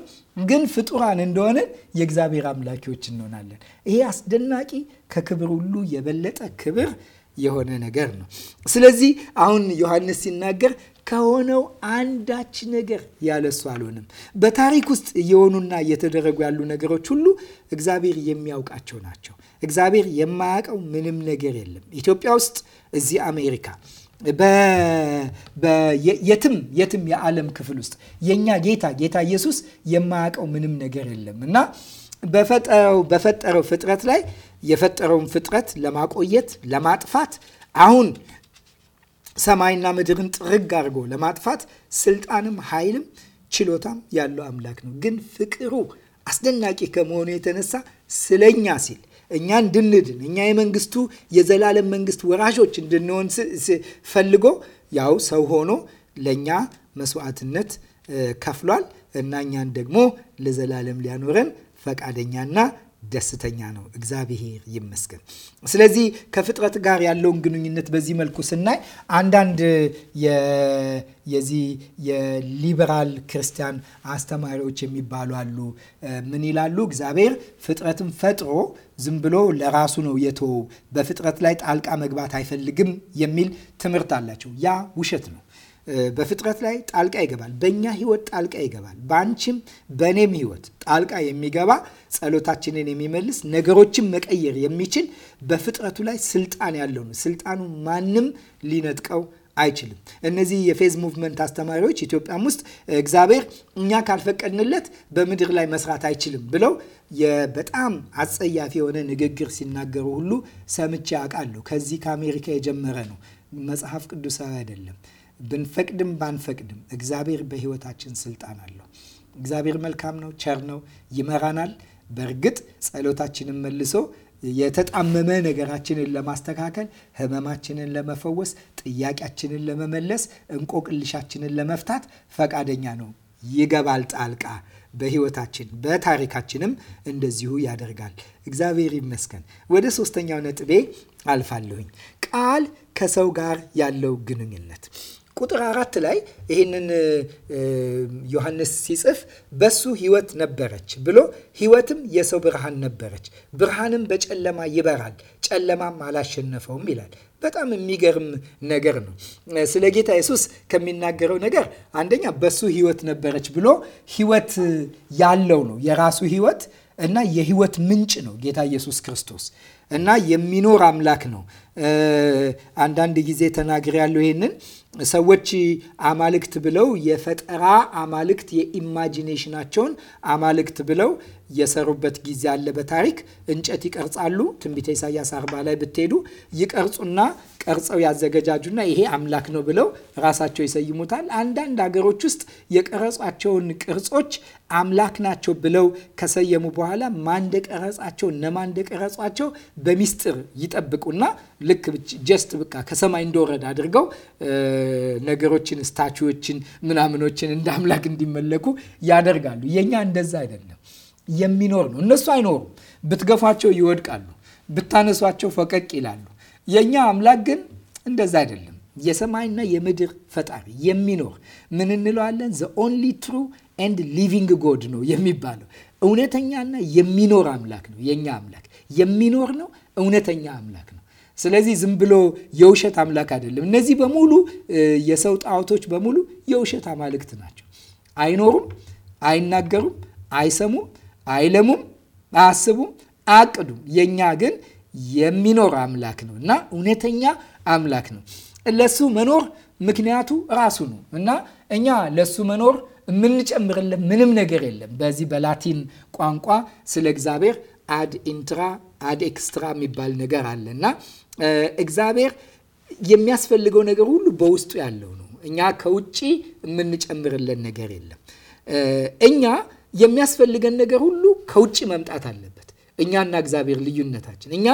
Speaker 1: ግን ፍጡራን እንደሆንን የእግዚአብሔር አምላኪዎች እንሆናለን። ይሄ አስደናቂ ከክብር ሁሉ የበለጠ ክብር የሆነ ነገር ነው። ስለዚህ አሁን ዮሐንስ ሲናገር ከሆነው አንዳች ነገር ያለሱ አልሆንም። በታሪክ ውስጥ እየሆኑና እየተደረጉ ያሉ ነገሮች ሁሉ እግዚአብሔር የሚያውቃቸው ናቸው። እግዚአብሔር የማያውቀው ምንም ነገር የለም። ኢትዮጵያ ውስጥ፣ እዚህ አሜሪካ፣ የትም የትም የዓለም ክፍል ውስጥ የእኛ ጌታ ጌታ ኢየሱስ የማያውቀው ምንም ነገር የለም እና በፈጠረው በፈጠረው ፍጥረት ላይ የፈጠረውን ፍጥረት ለማቆየት ለማጥፋት አሁን ሰማይና ምድርን ጥርግ አድርጎ ለማጥፋት ስልጣንም ኃይልም ችሎታም ያለው አምላክ ነው። ግን ፍቅሩ አስደናቂ ከመሆኑ የተነሳ ስለኛ ሲል እኛ እንድንድን እኛ የመንግስቱ የዘላለም መንግስት ወራሾች እንድንሆን ፈልጎ ያው ሰው ሆኖ ለእኛ መስዋዕትነት ከፍሏል እና እኛን ደግሞ ለዘላለም ሊያኖረን ፈቃደኛና ደስተኛ ነው። እግዚአብሔር ይመስገን። ስለዚህ ከፍጥረት ጋር ያለውን ግንኙነት በዚህ መልኩ ስናይ አንዳንድ የዚህ የሊበራል ክርስቲያን አስተማሪዎች የሚባሉ አሉ። ምን ይላሉ? እግዚአብሔር ፍጥረትን ፈጥሮ ዝም ብሎ ለራሱ ነው የተወው፣ በፍጥረት ላይ ጣልቃ መግባት አይፈልግም የሚል ትምህርት አላቸው። ያ ውሸት ነው። በፍጥረት ላይ ጣልቃ ይገባል። በእኛ ህይወት ጣልቃ ይገባል። በአንቺም በእኔም ህይወት ጣልቃ የሚገባ ጸሎታችንን የሚመልስ ነገሮችን መቀየር የሚችል በፍጥረቱ ላይ ስልጣን ያለው ነው። ስልጣኑ ማንም ሊነጥቀው አይችልም። እነዚህ የፌዝ ሙቭመንት አስተማሪዎች ኢትዮጵያም ውስጥ እግዚአብሔር እኛ ካልፈቀድንለት በምድር ላይ መስራት አይችልም ብለው በጣም አጸያፊ የሆነ ንግግር ሲናገሩ ሁሉ ሰምቼ አውቃለሁ። ከዚህ ከአሜሪካ የጀመረ ነው። መጽሐፍ ቅዱሳዊ አይደለም። ብንፈቅድም ባንፈቅድም እግዚአብሔር በህይወታችን ስልጣን አለው። እግዚአብሔር መልካም ነው፣ ቸር ነው፣ ይመራናል። በእርግጥ ጸሎታችንን መልሶ የተጣመመ ነገራችንን ለማስተካከል፣ ህመማችንን ለመፈወስ፣ ጥያቄያችንን ለመመለስ፣ እንቆቅልሻችንን ለመፍታት ፈቃደኛ ነው። ይገባል ጣልቃ በህይወታችን በታሪካችንም እንደዚሁ ያደርጋል። እግዚአብሔር ይመስገን። ወደ ሶስተኛው ነጥቤ አልፋለሁኝ። ቃል ከሰው ጋር ያለው ግንኙነት ቁጥር አራት ላይ ይህንን ዮሐንስ ሲጽፍ በሱ ህይወት ነበረች ብሎ ህይወትም የሰው ብርሃን ነበረች፣ ብርሃንም በጨለማ ይበራል፣ ጨለማም አላሸነፈውም ይላል። በጣም የሚገርም ነገር ነው። ስለ ጌታ ኢየሱስ ከሚናገረው ነገር አንደኛ በሱ ህይወት ነበረች ብሎ ህይወት ያለው ነው የራሱ ህይወት እና የህይወት ምንጭ ነው ጌታ ኢየሱስ ክርስቶስ እና የሚኖር አምላክ ነው። አንዳንድ ጊዜ ተናግሬያለሁ ይሄንን ሰዎች አማልክት ብለው የፈጠራ አማልክት የኢማጂኔሽናቸውን አማልክት ብለው የሰሩበት ጊዜ አለ። በታሪክ እንጨት ይቀርጻሉ። ትንቢተ ኢሳያስ አርባ ላይ ብትሄዱ ይቀርጹና ቀርጸው ያዘገጃጁና ይሄ አምላክ ነው ብለው ራሳቸው ይሰይሙታል። አንዳንድ ሀገሮች ውስጥ የቀረጿቸውን ቅርጾች አምላክ ናቸው ብለው ከሰየሙ በኋላ ማን እንደቀረጻቸው እነማን እንደቀረጿቸው በሚስጥር ይጠብቁና ልክ ጀስት ብቃ ከሰማይ እንደወረድ አድርገው ነገሮችን፣ ስታቹዎችን፣ ምናምኖችን እንደ አምላክ እንዲመለኩ ያደርጋሉ። የእኛ እንደዛ አይደለም፣ የሚኖር ነው። እነሱ አይኖሩም። ብትገፏቸው ይወድቃሉ፣ ብታነሷቸው ፈቀቅ ይላሉ። የእኛ አምላክ ግን እንደዛ አይደለም። የሰማይና የምድር ፈጣሪ የሚኖር ምን እንለዋለን? ዘ ኦንሊ ትሩ ኤንድ ሊቪንግ ጎድ ነው የሚባለው። እውነተኛና የሚኖር አምላክ ነው የእኛ አምላክ። የሚኖር ነው፣ እውነተኛ አምላክ ነው። ስለዚህ ዝም ብሎ የውሸት አምላክ አይደለም። እነዚህ በሙሉ የሰው ጣዖቶች በሙሉ የውሸት አማልክት ናቸው። አይኖሩም፣ አይናገሩም፣ አይሰሙም፣ አይለሙም፣ አያስቡም፣ አያቅዱም። የእኛ ግን የሚኖር አምላክ ነው እና እውነተኛ አምላክ ነው። ለሱ መኖር ምክንያቱ ራሱ ነው እና እኛ ለሱ መኖር የምንጨምርለት ምንም ነገር የለም። በዚህ በላቲን ቋንቋ ስለ እግዚአብሔር አድ ኢንትራ አድ ኤክስትራ የሚባል ነገር አለ እና እግዚአብሔር የሚያስፈልገው ነገር ሁሉ በውስጡ ያለው ነው። እኛ ከውጭ የምንጨምርለን ነገር የለም። እኛ የሚያስፈልገን ነገር ሁሉ ከውጭ መምጣት አለበት። እኛና እግዚአብሔር ልዩነታችን፣ እኛ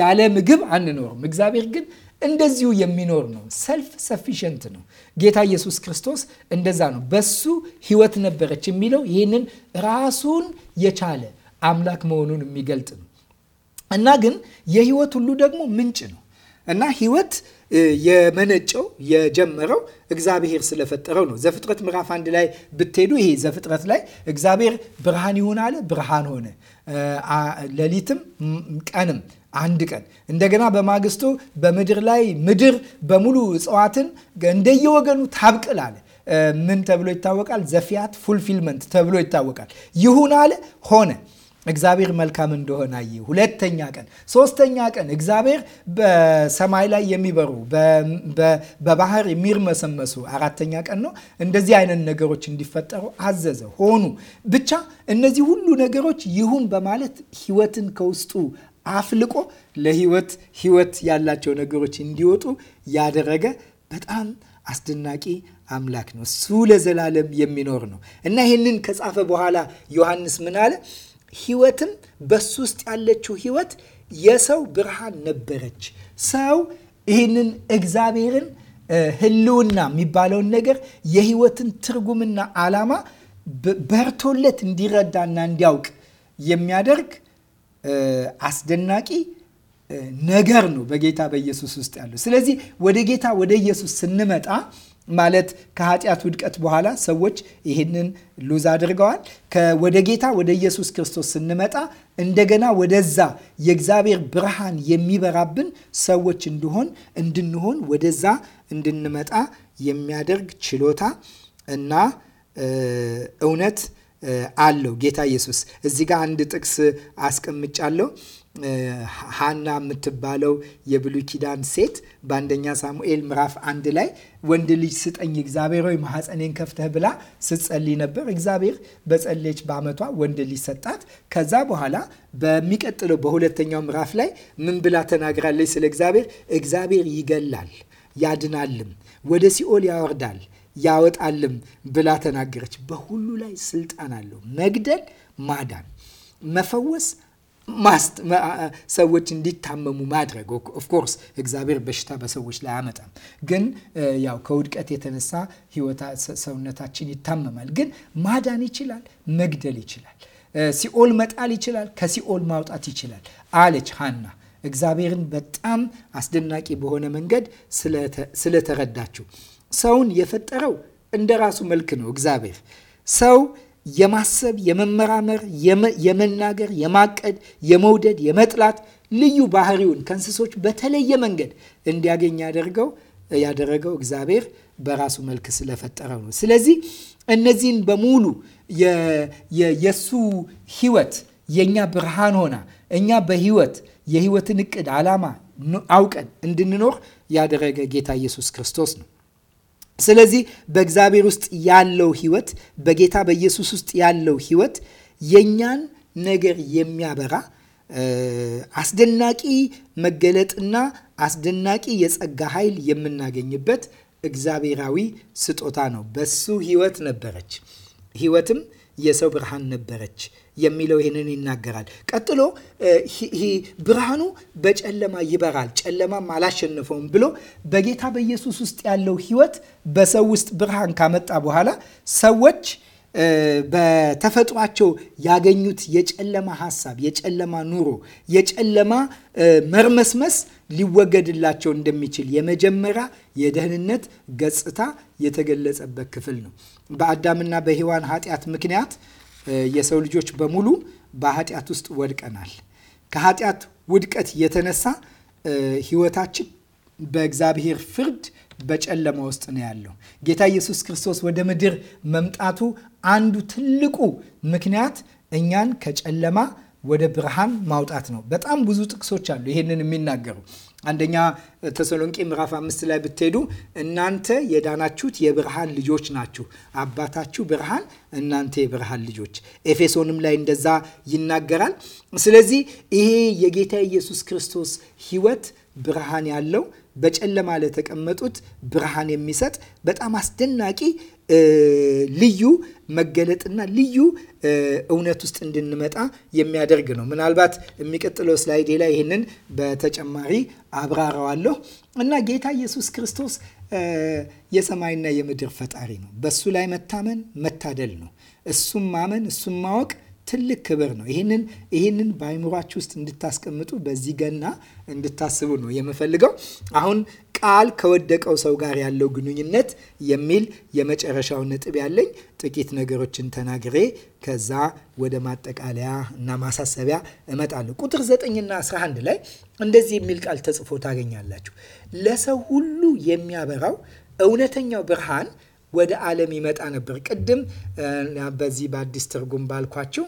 Speaker 1: ያለ ምግብ አንኖርም። እግዚአብሔር ግን እንደዚሁ የሚኖር ነው። ሰልፍ ሰፊሸንት ነው። ጌታ ኢየሱስ ክርስቶስ እንደዛ ነው። በሱ ህይወት ነበረች የሚለው ይህንን ራሱን የቻለ አምላክ መሆኑን የሚገልጥ ነው። እና ግን የህይወት ሁሉ ደግሞ ምንጭ ነው እና ህይወት የመነጨው የጀመረው እግዚአብሔር ስለፈጠረው ነው። ዘፍጥረት ምዕራፍ አንድ ላይ ብትሄዱ ይሄ ዘፍጥረት ላይ እግዚአብሔር ብርሃን ይሁን አለ፣ ብርሃን ሆነ። ሌሊትም ቀንም አንድ ቀን። እንደገና በማግስቱ በምድር ላይ ምድር በሙሉ እጽዋትን እንደየወገኑ ታብቅል አለ። ምን ተብሎ ይታወቃል? ዘፊያት ፉልፊልመንት ተብሎ ይታወቃል። ይሁን አለ ሆነ። እግዚአብሔር መልካም እንደሆነ አየ። ሁለተኛ ቀን፣ ሶስተኛ ቀን እግዚአብሔር በሰማይ ላይ የሚበሩ በባህር የሚርመሰመሱ አራተኛ ቀን ነው እንደዚህ አይነት ነገሮች እንዲፈጠሩ አዘዘ፣ ሆኑ። ብቻ እነዚህ ሁሉ ነገሮች ይሁን በማለት ህይወትን ከውስጡ አፍልቆ ለህይወት ህይወት ያላቸው ነገሮች እንዲወጡ ያደረገ በጣም አስደናቂ አምላክ ነው። እሱ ለዘላለም የሚኖር ነው እና ይህንን ከጻፈ በኋላ ዮሐንስ ምን አለ? ህይወትም በሱ ውስጥ ያለችው ህይወት የሰው ብርሃን ነበረች። ሰው ይህንን እግዚአብሔርን ህልውና የሚባለውን ነገር የህይወትን ትርጉምና ዓላማ በርቶለት እንዲረዳና እንዲያውቅ የሚያደርግ አስደናቂ ነገር ነው በጌታ በኢየሱስ ውስጥ ያለው። ስለዚህ ወደ ጌታ ወደ ኢየሱስ ስንመጣ ማለት ከኃጢአት ውድቀት በኋላ ሰዎች ይህንን ሉዝ አድርገዋል። ወደ ጌታ ወደ ኢየሱስ ክርስቶስ ስንመጣ እንደገና ወደዛ የእግዚአብሔር ብርሃን የሚበራብን ሰዎች እንድሆን እንድንሆን ወደዛ እንድንመጣ የሚያደርግ ችሎታ እና እውነት አለው ጌታ ኢየሱስ። እዚህ ጋር አንድ ጥቅስ አስቀምጫለሁ። ሃና የምትባለው የብሉይ ኪዳን ሴት በአንደኛ ሳሙኤል ምዕራፍ አንድ ላይ ወንድ ልጅ ስጠኝ እግዚአብሔር ሆይ ማኅፀኔን ከፍተህ ብላ ስትጸልይ ነበር። እግዚአብሔር በጸለች በአመቷ ወንድ ልጅ ሰጣት። ከዛ በኋላ በሚቀጥለው በሁለተኛው ምዕራፍ ላይ ምን ብላ ተናግራለች? ስለ እግዚአብሔር እግዚአብሔር ይገላል ያድናልም፣ ወደ ሲኦል ያወርዳል ያወጣልም ብላ ተናገረች። በሁሉ ላይ ስልጣን አለው መግደል፣ ማዳን፣ መፈወስ ሰዎች እንዲታመሙ ማድረግ። ኦፍኮርስ እግዚአብሔር በሽታ በሰዎች ላይ አመጣም። ግን ያው ከውድቀት የተነሳ ሰውነታችን ይታመማል። ግን ማዳን ይችላል፣ መግደል ይችላል፣ ሲኦል መጣል ይችላል፣ ከሲኦል ማውጣት ይችላል አለች ሀና። እግዚአብሔርን በጣም አስደናቂ በሆነ መንገድ ስለተረዳችው ሰውን የፈጠረው እንደ ራሱ መልክ ነው እግዚአብሔር ሰው የማሰብ፣ የመመራመር፣ የመናገር፣ የማቀድ፣ የመውደድ፣ የመጥላት ልዩ ባህሪውን ከእንስሶች በተለየ መንገድ እንዲያገኝ ያደርገው ያደረገው እግዚአብሔር በራሱ መልክ ስለፈጠረው ነው። ስለዚህ እነዚህን በሙሉ የሱ ህይወት የእኛ ብርሃን ሆና እኛ በህይወት የህይወትን እቅድ ዓላማ አውቀን እንድንኖር ያደረገ ጌታ ኢየሱስ ክርስቶስ ነው። ስለዚህ በእግዚአብሔር ውስጥ ያለው ህይወት፣ በጌታ በኢየሱስ ውስጥ ያለው ህይወት የእኛን ነገር የሚያበራ አስደናቂ መገለጥና አስደናቂ የጸጋ ኃይል የምናገኝበት እግዚአብሔራዊ ስጦታ ነው። በሱ ህይወት ነበረች፣ ህይወትም የሰው ብርሃን ነበረች የሚለው ይህንን ይናገራል። ቀጥሎ ብርሃኑ በጨለማ ይበራል፣ ጨለማም አላሸነፈውም ብሎ በጌታ በኢየሱስ ውስጥ ያለው ህይወት በሰው ውስጥ ብርሃን ካመጣ በኋላ ሰዎች በተፈጥሯቸው ያገኙት የጨለማ ሀሳብ፣ የጨለማ ኑሮ፣ የጨለማ መርመስመስ ሊወገድላቸው እንደሚችል የመጀመሪያ የደህንነት ገጽታ የተገለጸበት ክፍል ነው። በአዳምና በሔዋን ኃጢአት ምክንያት የሰው ልጆች በሙሉ በኃጢአት ውስጥ ወድቀናል። ከኃጢአት ውድቀት የተነሳ ህይወታችን በእግዚአብሔር ፍርድ በጨለማ ውስጥ ነው ያለው። ጌታ ኢየሱስ ክርስቶስ ወደ ምድር መምጣቱ አንዱ ትልቁ ምክንያት እኛን ከጨለማ ወደ ብርሃን ማውጣት ነው። በጣም ብዙ ጥቅሶች አሉ ይሄንን የሚናገሩ አንደኛ ተሰሎንቄ ምዕራፍ አምስት ላይ ብትሄዱ እናንተ የዳናችሁት የብርሃን ልጆች ናችሁ፣ አባታችሁ ብርሃን፣ እናንተ የብርሃን ልጆች። ኤፌሶንም ላይ እንደዛ ይናገራል። ስለዚህ ይሄ የጌታ ኢየሱስ ክርስቶስ ሕይወት ብርሃን ያለው በጨለማ ለተቀመጡት ብርሃን የሚሰጥ በጣም አስደናቂ ልዩ መገለጥና ልዩ እውነት ውስጥ እንድንመጣ የሚያደርግ ነው። ምናልባት የሚቀጥለው ስላይዴ ላይ ይህንን በተጨማሪ አብራራዋለሁ እና ጌታ ኢየሱስ ክርስቶስ የሰማይና የምድር ፈጣሪ ነው። በሱ ላይ መታመን መታደል ነው። እሱም ማመን እሱም ማወቅ ትልቅ ክብር ነው። ይህንን ይህንን በአይምሯችሁ ውስጥ እንድታስቀምጡ በዚህ ገና እንድታስቡ ነው የምፈልገው። አሁን ቃል ከወደቀው ሰው ጋር ያለው ግንኙነት የሚል የመጨረሻው ነጥብ ያለኝ ጥቂት ነገሮችን ተናግሬ ከዛ ወደ ማጠቃለያ እና ማሳሰቢያ እመጣለሁ። ቁጥር 9ና 11 ላይ እንደዚህ የሚል ቃል ተጽፎ ታገኛላችሁ። ለሰው ሁሉ የሚያበራው እውነተኛው ብርሃን ወደ ዓለም ይመጣ ነበር። ቅድም በዚህ በአዲስ ትርጉም ባልኳቸው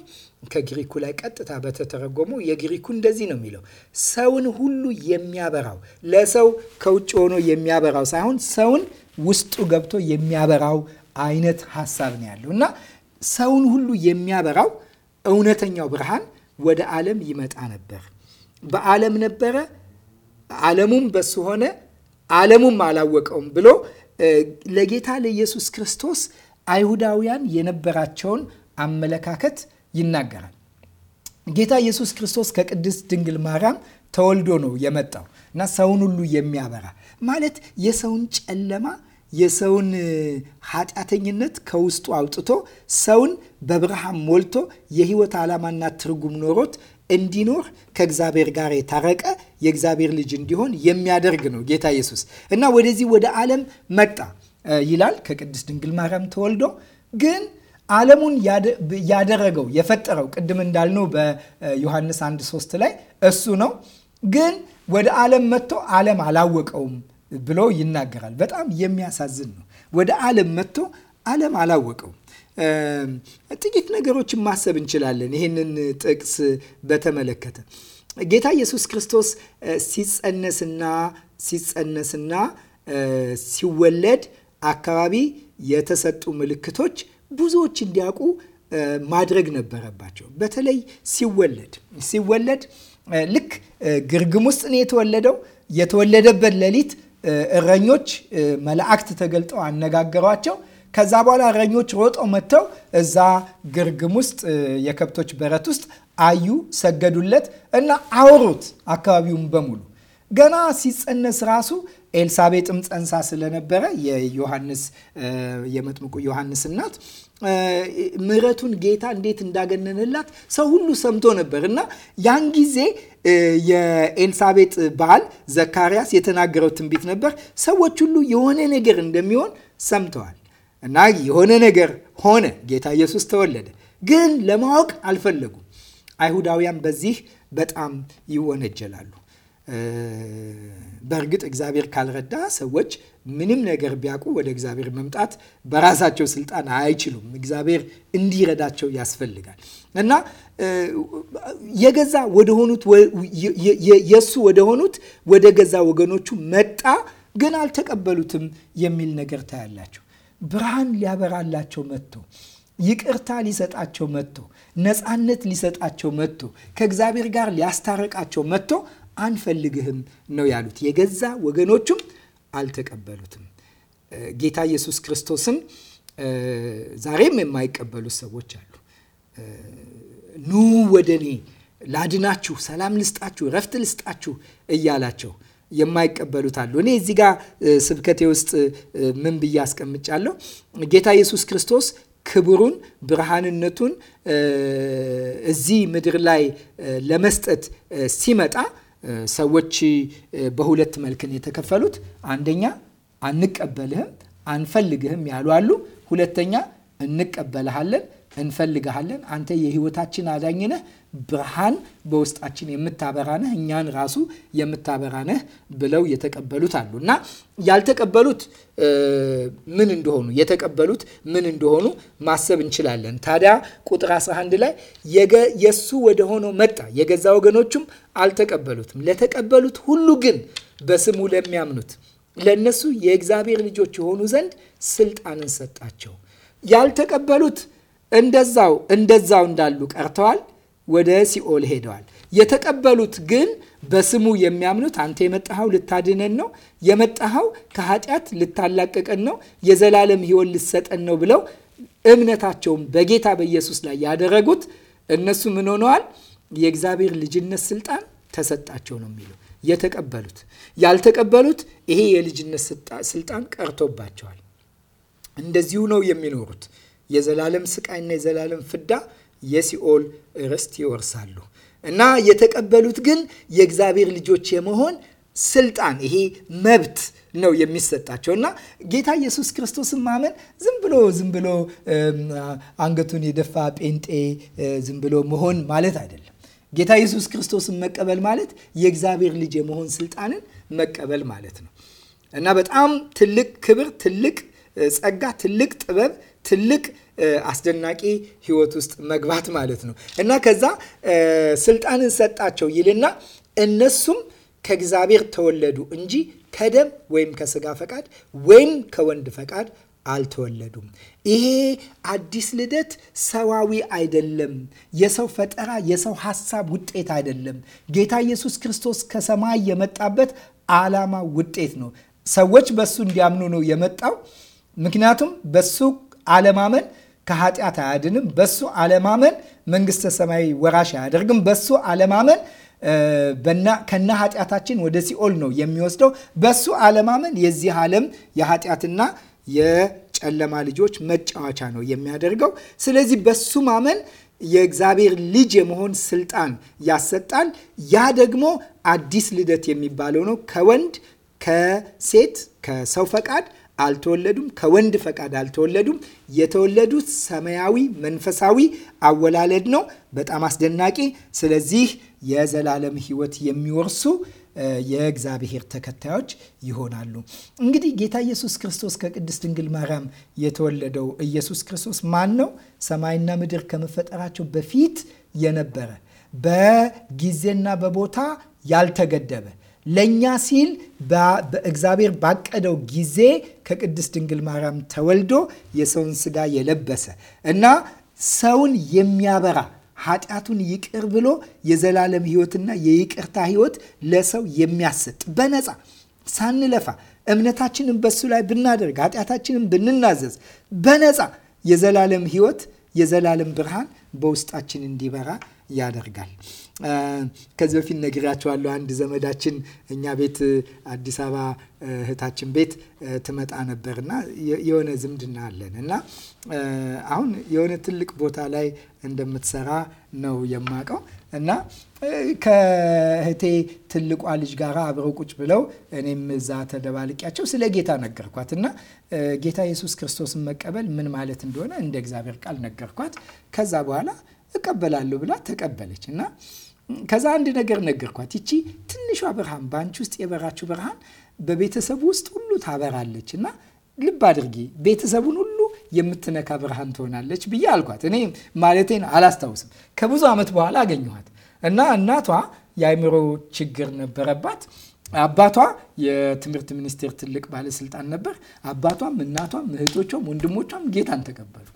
Speaker 1: ከግሪኩ ላይ ቀጥታ በተተረጎሙ የግሪኩ እንደዚህ ነው የሚለው ሰውን ሁሉ የሚያበራው ለሰው ከውጭ ሆኖ የሚያበራው ሳይሆን ሰውን ውስጡ ገብቶ የሚያበራው አይነት ሀሳብ ነው ያለው እና ሰውን ሁሉ የሚያበራው እውነተኛው ብርሃን ወደ ዓለም ይመጣ ነበር። በዓለም ነበረ፣ ዓለሙም በሱ ሆነ፣ ዓለሙም አላወቀውም ብሎ ለጌታ ለኢየሱስ ክርስቶስ አይሁዳውያን የነበራቸውን አመለካከት ይናገራል። ጌታ ኢየሱስ ክርስቶስ ከቅድስት ድንግል ማርያም ተወልዶ ነው የመጣው እና ሰውን ሁሉ የሚያበራ ማለት የሰውን ጨለማ የሰውን ኃጢአተኝነት ከውስጡ አውጥቶ ሰውን በብርሃን ሞልቶ የህይወት ዓላማና ትርጉም ኖሮት እንዲኖር ከእግዚአብሔር ጋር የታረቀ የእግዚአብሔር ልጅ እንዲሆን የሚያደርግ ነው ጌታ ኢየሱስ እና ወደዚህ ወደ ዓለም መጣ ይላል ከቅድስት ድንግል ማርያም ተወልዶ ግን ዓለሙን ያደረገው የፈጠረው ቅድም እንዳልነው በዮሐንስ 1 3 ላይ እሱ ነው። ግን ወደ ዓለም መጥቶ ዓለም አላወቀውም ብሎ ይናገራል። በጣም የሚያሳዝን ነው። ወደ ዓለም መጥቶ ዓለም አላወቀውም። ጥቂት ነገሮችን ማሰብ እንችላለን። ይህንን ጥቅስ በተመለከተ ጌታ ኢየሱስ ክርስቶስ ሲጸነስና ሲጸነስና ሲወለድ አካባቢ የተሰጡ ምልክቶች ብዙዎች እንዲያውቁ ማድረግ ነበረባቸው። በተለይ ሲወለድ ሲወለድ ልክ ግርግም ውስጥ ነው የተወለደው። የተወለደበት ሌሊት እረኞች መላእክት ተገልጠው አነጋገሯቸው። ከዛ በኋላ እረኞች ሮጠው መጥተው እዛ ግርግም ውስጥ የከብቶች በረት ውስጥ አዩ፣ ሰገዱለት እና አወሩት አካባቢውን በሙሉ። ገና ሲጸነስ ራሱ ኤልሳቤጥም ጸንሳ ስለነበረ የዮሐንስ የመጥምቁ ዮሐንስ እናት ምሕረቱን ጌታ እንዴት እንዳገነንላት ሰው ሁሉ ሰምቶ ነበር እና ያን ጊዜ የኤልሳቤጥ ባል ዘካርያስ የተናገረው ትንቢት ነበር። ሰዎች ሁሉ የሆነ ነገር እንደሚሆን ሰምተዋል። እና የሆነ ነገር ሆነ፣ ጌታ ኢየሱስ ተወለደ። ግን ለማወቅ አልፈለጉም። አይሁዳውያን በዚህ በጣም ይወነጀላሉ። በእርግጥ እግዚአብሔር ካልረዳ ሰዎች ምንም ነገር ቢያውቁ ወደ እግዚአብሔር መምጣት በራሳቸው ስልጣን አይችሉም። እግዚአብሔር እንዲረዳቸው ያስፈልጋል እና የገዛ ወደሆኑት የእሱ ወደሆኑት ወደ ገዛ ወገኖቹ መጣ፣ ግን አልተቀበሉትም የሚል ነገር ታያላቸው። ብርሃን ሊያበራላቸው መጥቶ ይቅርታ ሊሰጣቸው መጥቶ ነፃነት ሊሰጣቸው መጥቶ ከእግዚአብሔር ጋር ሊያስታርቃቸው መጥቶ አንፈልግህም ነው ያሉት። የገዛ ወገኖቹም አልተቀበሉትም። ጌታ ኢየሱስ ክርስቶስን ዛሬም የማይቀበሉት ሰዎች አሉ። ኑ ወደ እኔ ላድናችሁ፣ ሰላም ልስጣችሁ፣ ረፍት ልስጣችሁ እያላቸው የማይቀበሉት አሉ። እኔ እዚህ ጋር ስብከቴ ውስጥ ምን ብዬ አስቀምጫለሁ? ጌታ ኢየሱስ ክርስቶስ ክብሩን ብርሃንነቱን እዚህ ምድር ላይ ለመስጠት ሲመጣ ሰዎች በሁለት መልክን የተከፈሉት፣ አንደኛ አንቀበልህም፣ አንፈልግህም ያሉ አሉ። ሁለተኛ እንቀበልሃለን እንፈልግሃለን። አንተ የህይወታችን አዳኝ ነህ፣ ብርሃን በውስጣችን የምታበራ ነህ፣ እኛን ራሱ የምታበራ ነህ ብለው የተቀበሉት አሉ እና ያልተቀበሉት ምን እንደሆኑ የተቀበሉት ምን እንደሆኑ ማሰብ እንችላለን። ታዲያ ቁጥር 11 ላይ የእሱ ወደ ሆነው መጣ፣ የገዛ ወገኖቹም አልተቀበሉትም። ለተቀበሉት ሁሉ ግን በስሙ ለሚያምኑት ለእነሱ የእግዚአብሔር ልጆች የሆኑ ዘንድ ስልጣንን ሰጣቸው። ያልተቀበሉት እንደዛው እንደዛው እንዳሉ ቀርተዋል፣ ወደ ሲኦል ሄደዋል። የተቀበሉት ግን በስሙ የሚያምኑት አንተ የመጣኸው ልታድነን ነው፣ የመጣኸው ከኃጢአት ልታላቀቀን ነው፣ የዘላለም ሕይወት ልሰጠን ነው ብለው እምነታቸውን በጌታ በኢየሱስ ላይ ያደረጉት እነሱ ምን ሆነዋል? የእግዚአብሔር ልጅነት ስልጣን ተሰጣቸው ነው የሚለው የተቀበሉት። ያልተቀበሉት ይሄ የልጅነት ስልጣን ቀርቶባቸዋል። እንደዚሁ ነው የሚኖሩት። የዘላለም ስቃይና የዘላለም ፍዳ የሲኦል ርስት ይወርሳሉ እና የተቀበሉት ግን የእግዚአብሔር ልጆች የመሆን ስልጣን ይሄ መብት ነው የሚሰጣቸው እና ጌታ ኢየሱስ ክርስቶስን ማመን ዝም ብሎ ዝም ብሎ አንገቱን የደፋ ጴንጤ ዝም ብሎ መሆን ማለት አይደለም። ጌታ ኢየሱስ ክርስቶስን መቀበል ማለት የእግዚአብሔር ልጅ የመሆን ስልጣንን መቀበል ማለት ነው እና በጣም ትልቅ ክብር፣ ትልቅ ጸጋ፣ ትልቅ ጥበብ ትልቅ አስደናቂ ህይወት ውስጥ መግባት ማለት ነው እና ከዛ ስልጣንን ሰጣቸው ይልና እነሱም ከእግዚአብሔር ተወለዱ እንጂ ከደም ወይም ከስጋ ፈቃድ ወይም ከወንድ ፈቃድ አልተወለዱም። ይሄ አዲስ ልደት ሰዋዊ አይደለም። የሰው ፈጠራ፣ የሰው ሀሳብ ውጤት አይደለም። ጌታ ኢየሱስ ክርስቶስ ከሰማይ የመጣበት ዓላማ ውጤት ነው። ሰዎች በሱ እንዲያምኑ ነው የመጣው። ምክንያቱም በሱ አለማመን ከኃጢአት አያድንም። በሱ አለማመን መንግስተ ሰማይ ወራሽ አያደርግም። በሱ አለማመን ከና ኃጢአታችን ወደ ሲኦል ነው የሚወስደው። በሱ አለማመን የዚህ ዓለም የኃጢአትና የጨለማ ልጆች መጫወቻ ነው የሚያደርገው። ስለዚህ በሱ ማመን የእግዚአብሔር ልጅ የመሆን ስልጣን ያሰጣል። ያ ደግሞ አዲስ ልደት የሚባለው ነው ከወንድ ከሴት ከሰው ፈቃድ አልተወለዱም፣ ከወንድ ፈቃድ አልተወለዱም። የተወለዱት ሰማያዊ መንፈሳዊ አወላለድ ነው። በጣም አስደናቂ። ስለዚህ የዘላለም ሕይወት የሚወርሱ የእግዚአብሔር ተከታዮች ይሆናሉ። እንግዲህ ጌታ ኢየሱስ ክርስቶስ ከቅድስት ድንግል ማርያም የተወለደው ኢየሱስ ክርስቶስ ማን ነው? ሰማይና ምድር ከመፈጠራቸው በፊት የነበረ በጊዜና በቦታ ያልተገደበ ለእኛ ሲል በእግዚአብሔር ባቀደው ጊዜ ከቅድስት ድንግል ማርያም ተወልዶ የሰውን ስጋ የለበሰ እና ሰውን የሚያበራ ኃጢአቱን ይቅር ብሎ የዘላለም ህይወትና የይቅርታ ህይወት ለሰው የሚያሰጥ በነፃ ሳንለፋ እምነታችንን በሱ ላይ ብናደርግ ኃጢአታችንን ብንናዘዝ በነፃ የዘላለም ህይወት የዘላለም ብርሃን በውስጣችን እንዲበራ ያደርጋል። ከዚህ በፊት ነግሬያቸዋለሁ። አንድ ዘመዳችን እኛ ቤት አዲስ አበባ እህታችን ቤት ትመጣ ነበር እና የሆነ ዝምድና አለን እና አሁን የሆነ ትልቅ ቦታ ላይ እንደምትሰራ ነው የማውቀው እና ከእህቴ ትልቋ ልጅ ጋር አብረው ቁጭ ብለው እኔም እዛ ተደባልቂያቸው ስለ ጌታ ነገርኳት እና ጌታ ኢየሱስ ክርስቶስን መቀበል ምን ማለት እንደሆነ እንደ እግዚአብሔር ቃል ነገርኳት። ከዛ በኋላ እቀበላለሁ ብላ ተቀበለች እና ከዛ አንድ ነገር ነገርኳት። ይቺ ትንሿ ብርሃን በአንቺ ውስጥ የበራችው ብርሃን በቤተሰቡ ውስጥ ሁሉ ታበራለች እና ልብ አድርጊ፣ ቤተሰቡን ሁሉ የምትነካ ብርሃን ትሆናለች ብዬ አልኳት። እኔ ማለቴን አላስታውስም። ከብዙ ዓመት በኋላ አገኘኋት እና እናቷ የአእምሮ ችግር ነበረባት። አባቷ የትምህርት ሚኒስቴር ትልቅ ባለስልጣን ነበር። አባቷም፣ እናቷም፣ እህቶቿም፣ ወንድሞቿም ጌታን ተቀበሉ።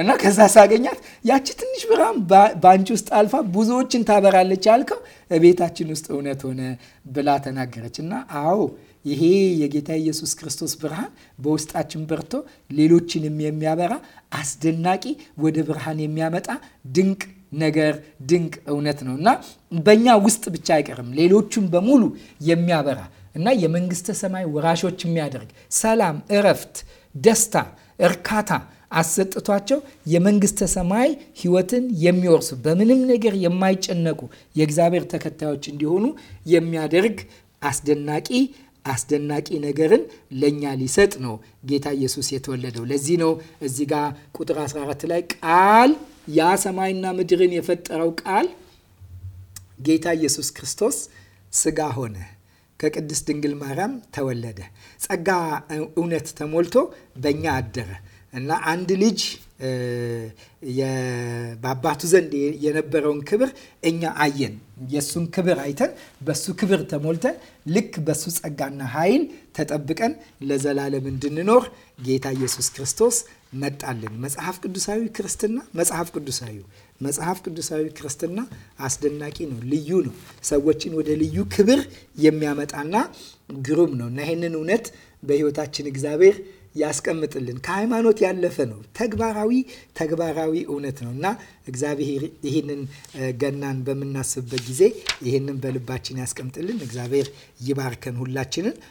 Speaker 1: እና ከዛ ሳገኛት ያቺ ትንሽ ብርሃን በአንቺ ውስጥ አልፋ ብዙዎችን ታበራለች ያልከው ቤታችን ውስጥ እውነት ሆነ ብላ ተናገረች። እና አዎ ይሄ የጌታ ኢየሱስ ክርስቶስ ብርሃን በውስጣችን በርቶ ሌሎችንም የሚያበራ አስደናቂ ወደ ብርሃን የሚያመጣ ድንቅ ነገር ድንቅ እውነት ነው እና በእኛ ውስጥ ብቻ አይቀርም ሌሎቹን በሙሉ የሚያበራ እና የመንግስተ ሰማይ ወራሾች የሚያደርግ ሰላም፣ እረፍት፣ ደስታ፣ እርካታ አሰጥቷቸው የመንግስተ ሰማይ ህይወትን የሚወርሱ በምንም ነገር የማይጨነቁ የእግዚአብሔር ተከታዮች እንዲሆኑ የሚያደርግ አስደናቂ አስደናቂ ነገርን ለእኛ ሊሰጥ ነው ጌታ ኢየሱስ የተወለደው። ለዚህ ነው እዚህ ጋ ቁጥር 14 ላይ ቃል ያ ሰማይና ምድርን የፈጠረው ቃል ጌታ ኢየሱስ ክርስቶስ ስጋ ሆነ፣ ከቅድስት ድንግል ማርያም ተወለደ፣ ጸጋ እውነት ተሞልቶ በእኛ አደረ እና አንድ ልጅ በአባቱ ዘንድ የነበረውን ክብር እኛ አየን። የእሱን ክብር አይተን በሱ ክብር ተሞልተን ልክ በሱ ጸጋና ኃይል ተጠብቀን ለዘላለም እንድንኖር ጌታ ኢየሱስ ክርስቶስ መጣልን። መጽሐፍ ቅዱሳዊ ክርስትና መጽሐፍ ቅዱሳዊ መጽሐፍ ቅዱሳዊ ክርስትና አስደናቂ ነው፣ ልዩ ነው። ሰዎችን ወደ ልዩ ክብር የሚያመጣና ግሩም ነው እና ይህንን እውነት በሕይወታችን እግዚአብሔር ያስቀምጥልን። ከሃይማኖት ያለፈ ነው፣ ተግባራዊ ተግባራዊ እውነት ነው እና እግዚአብሔር ይህንን ገናን በምናስብበት ጊዜ ይህንን በልባችን ያስቀምጥልን። እግዚአብሔር ይባርከን ሁላችንን።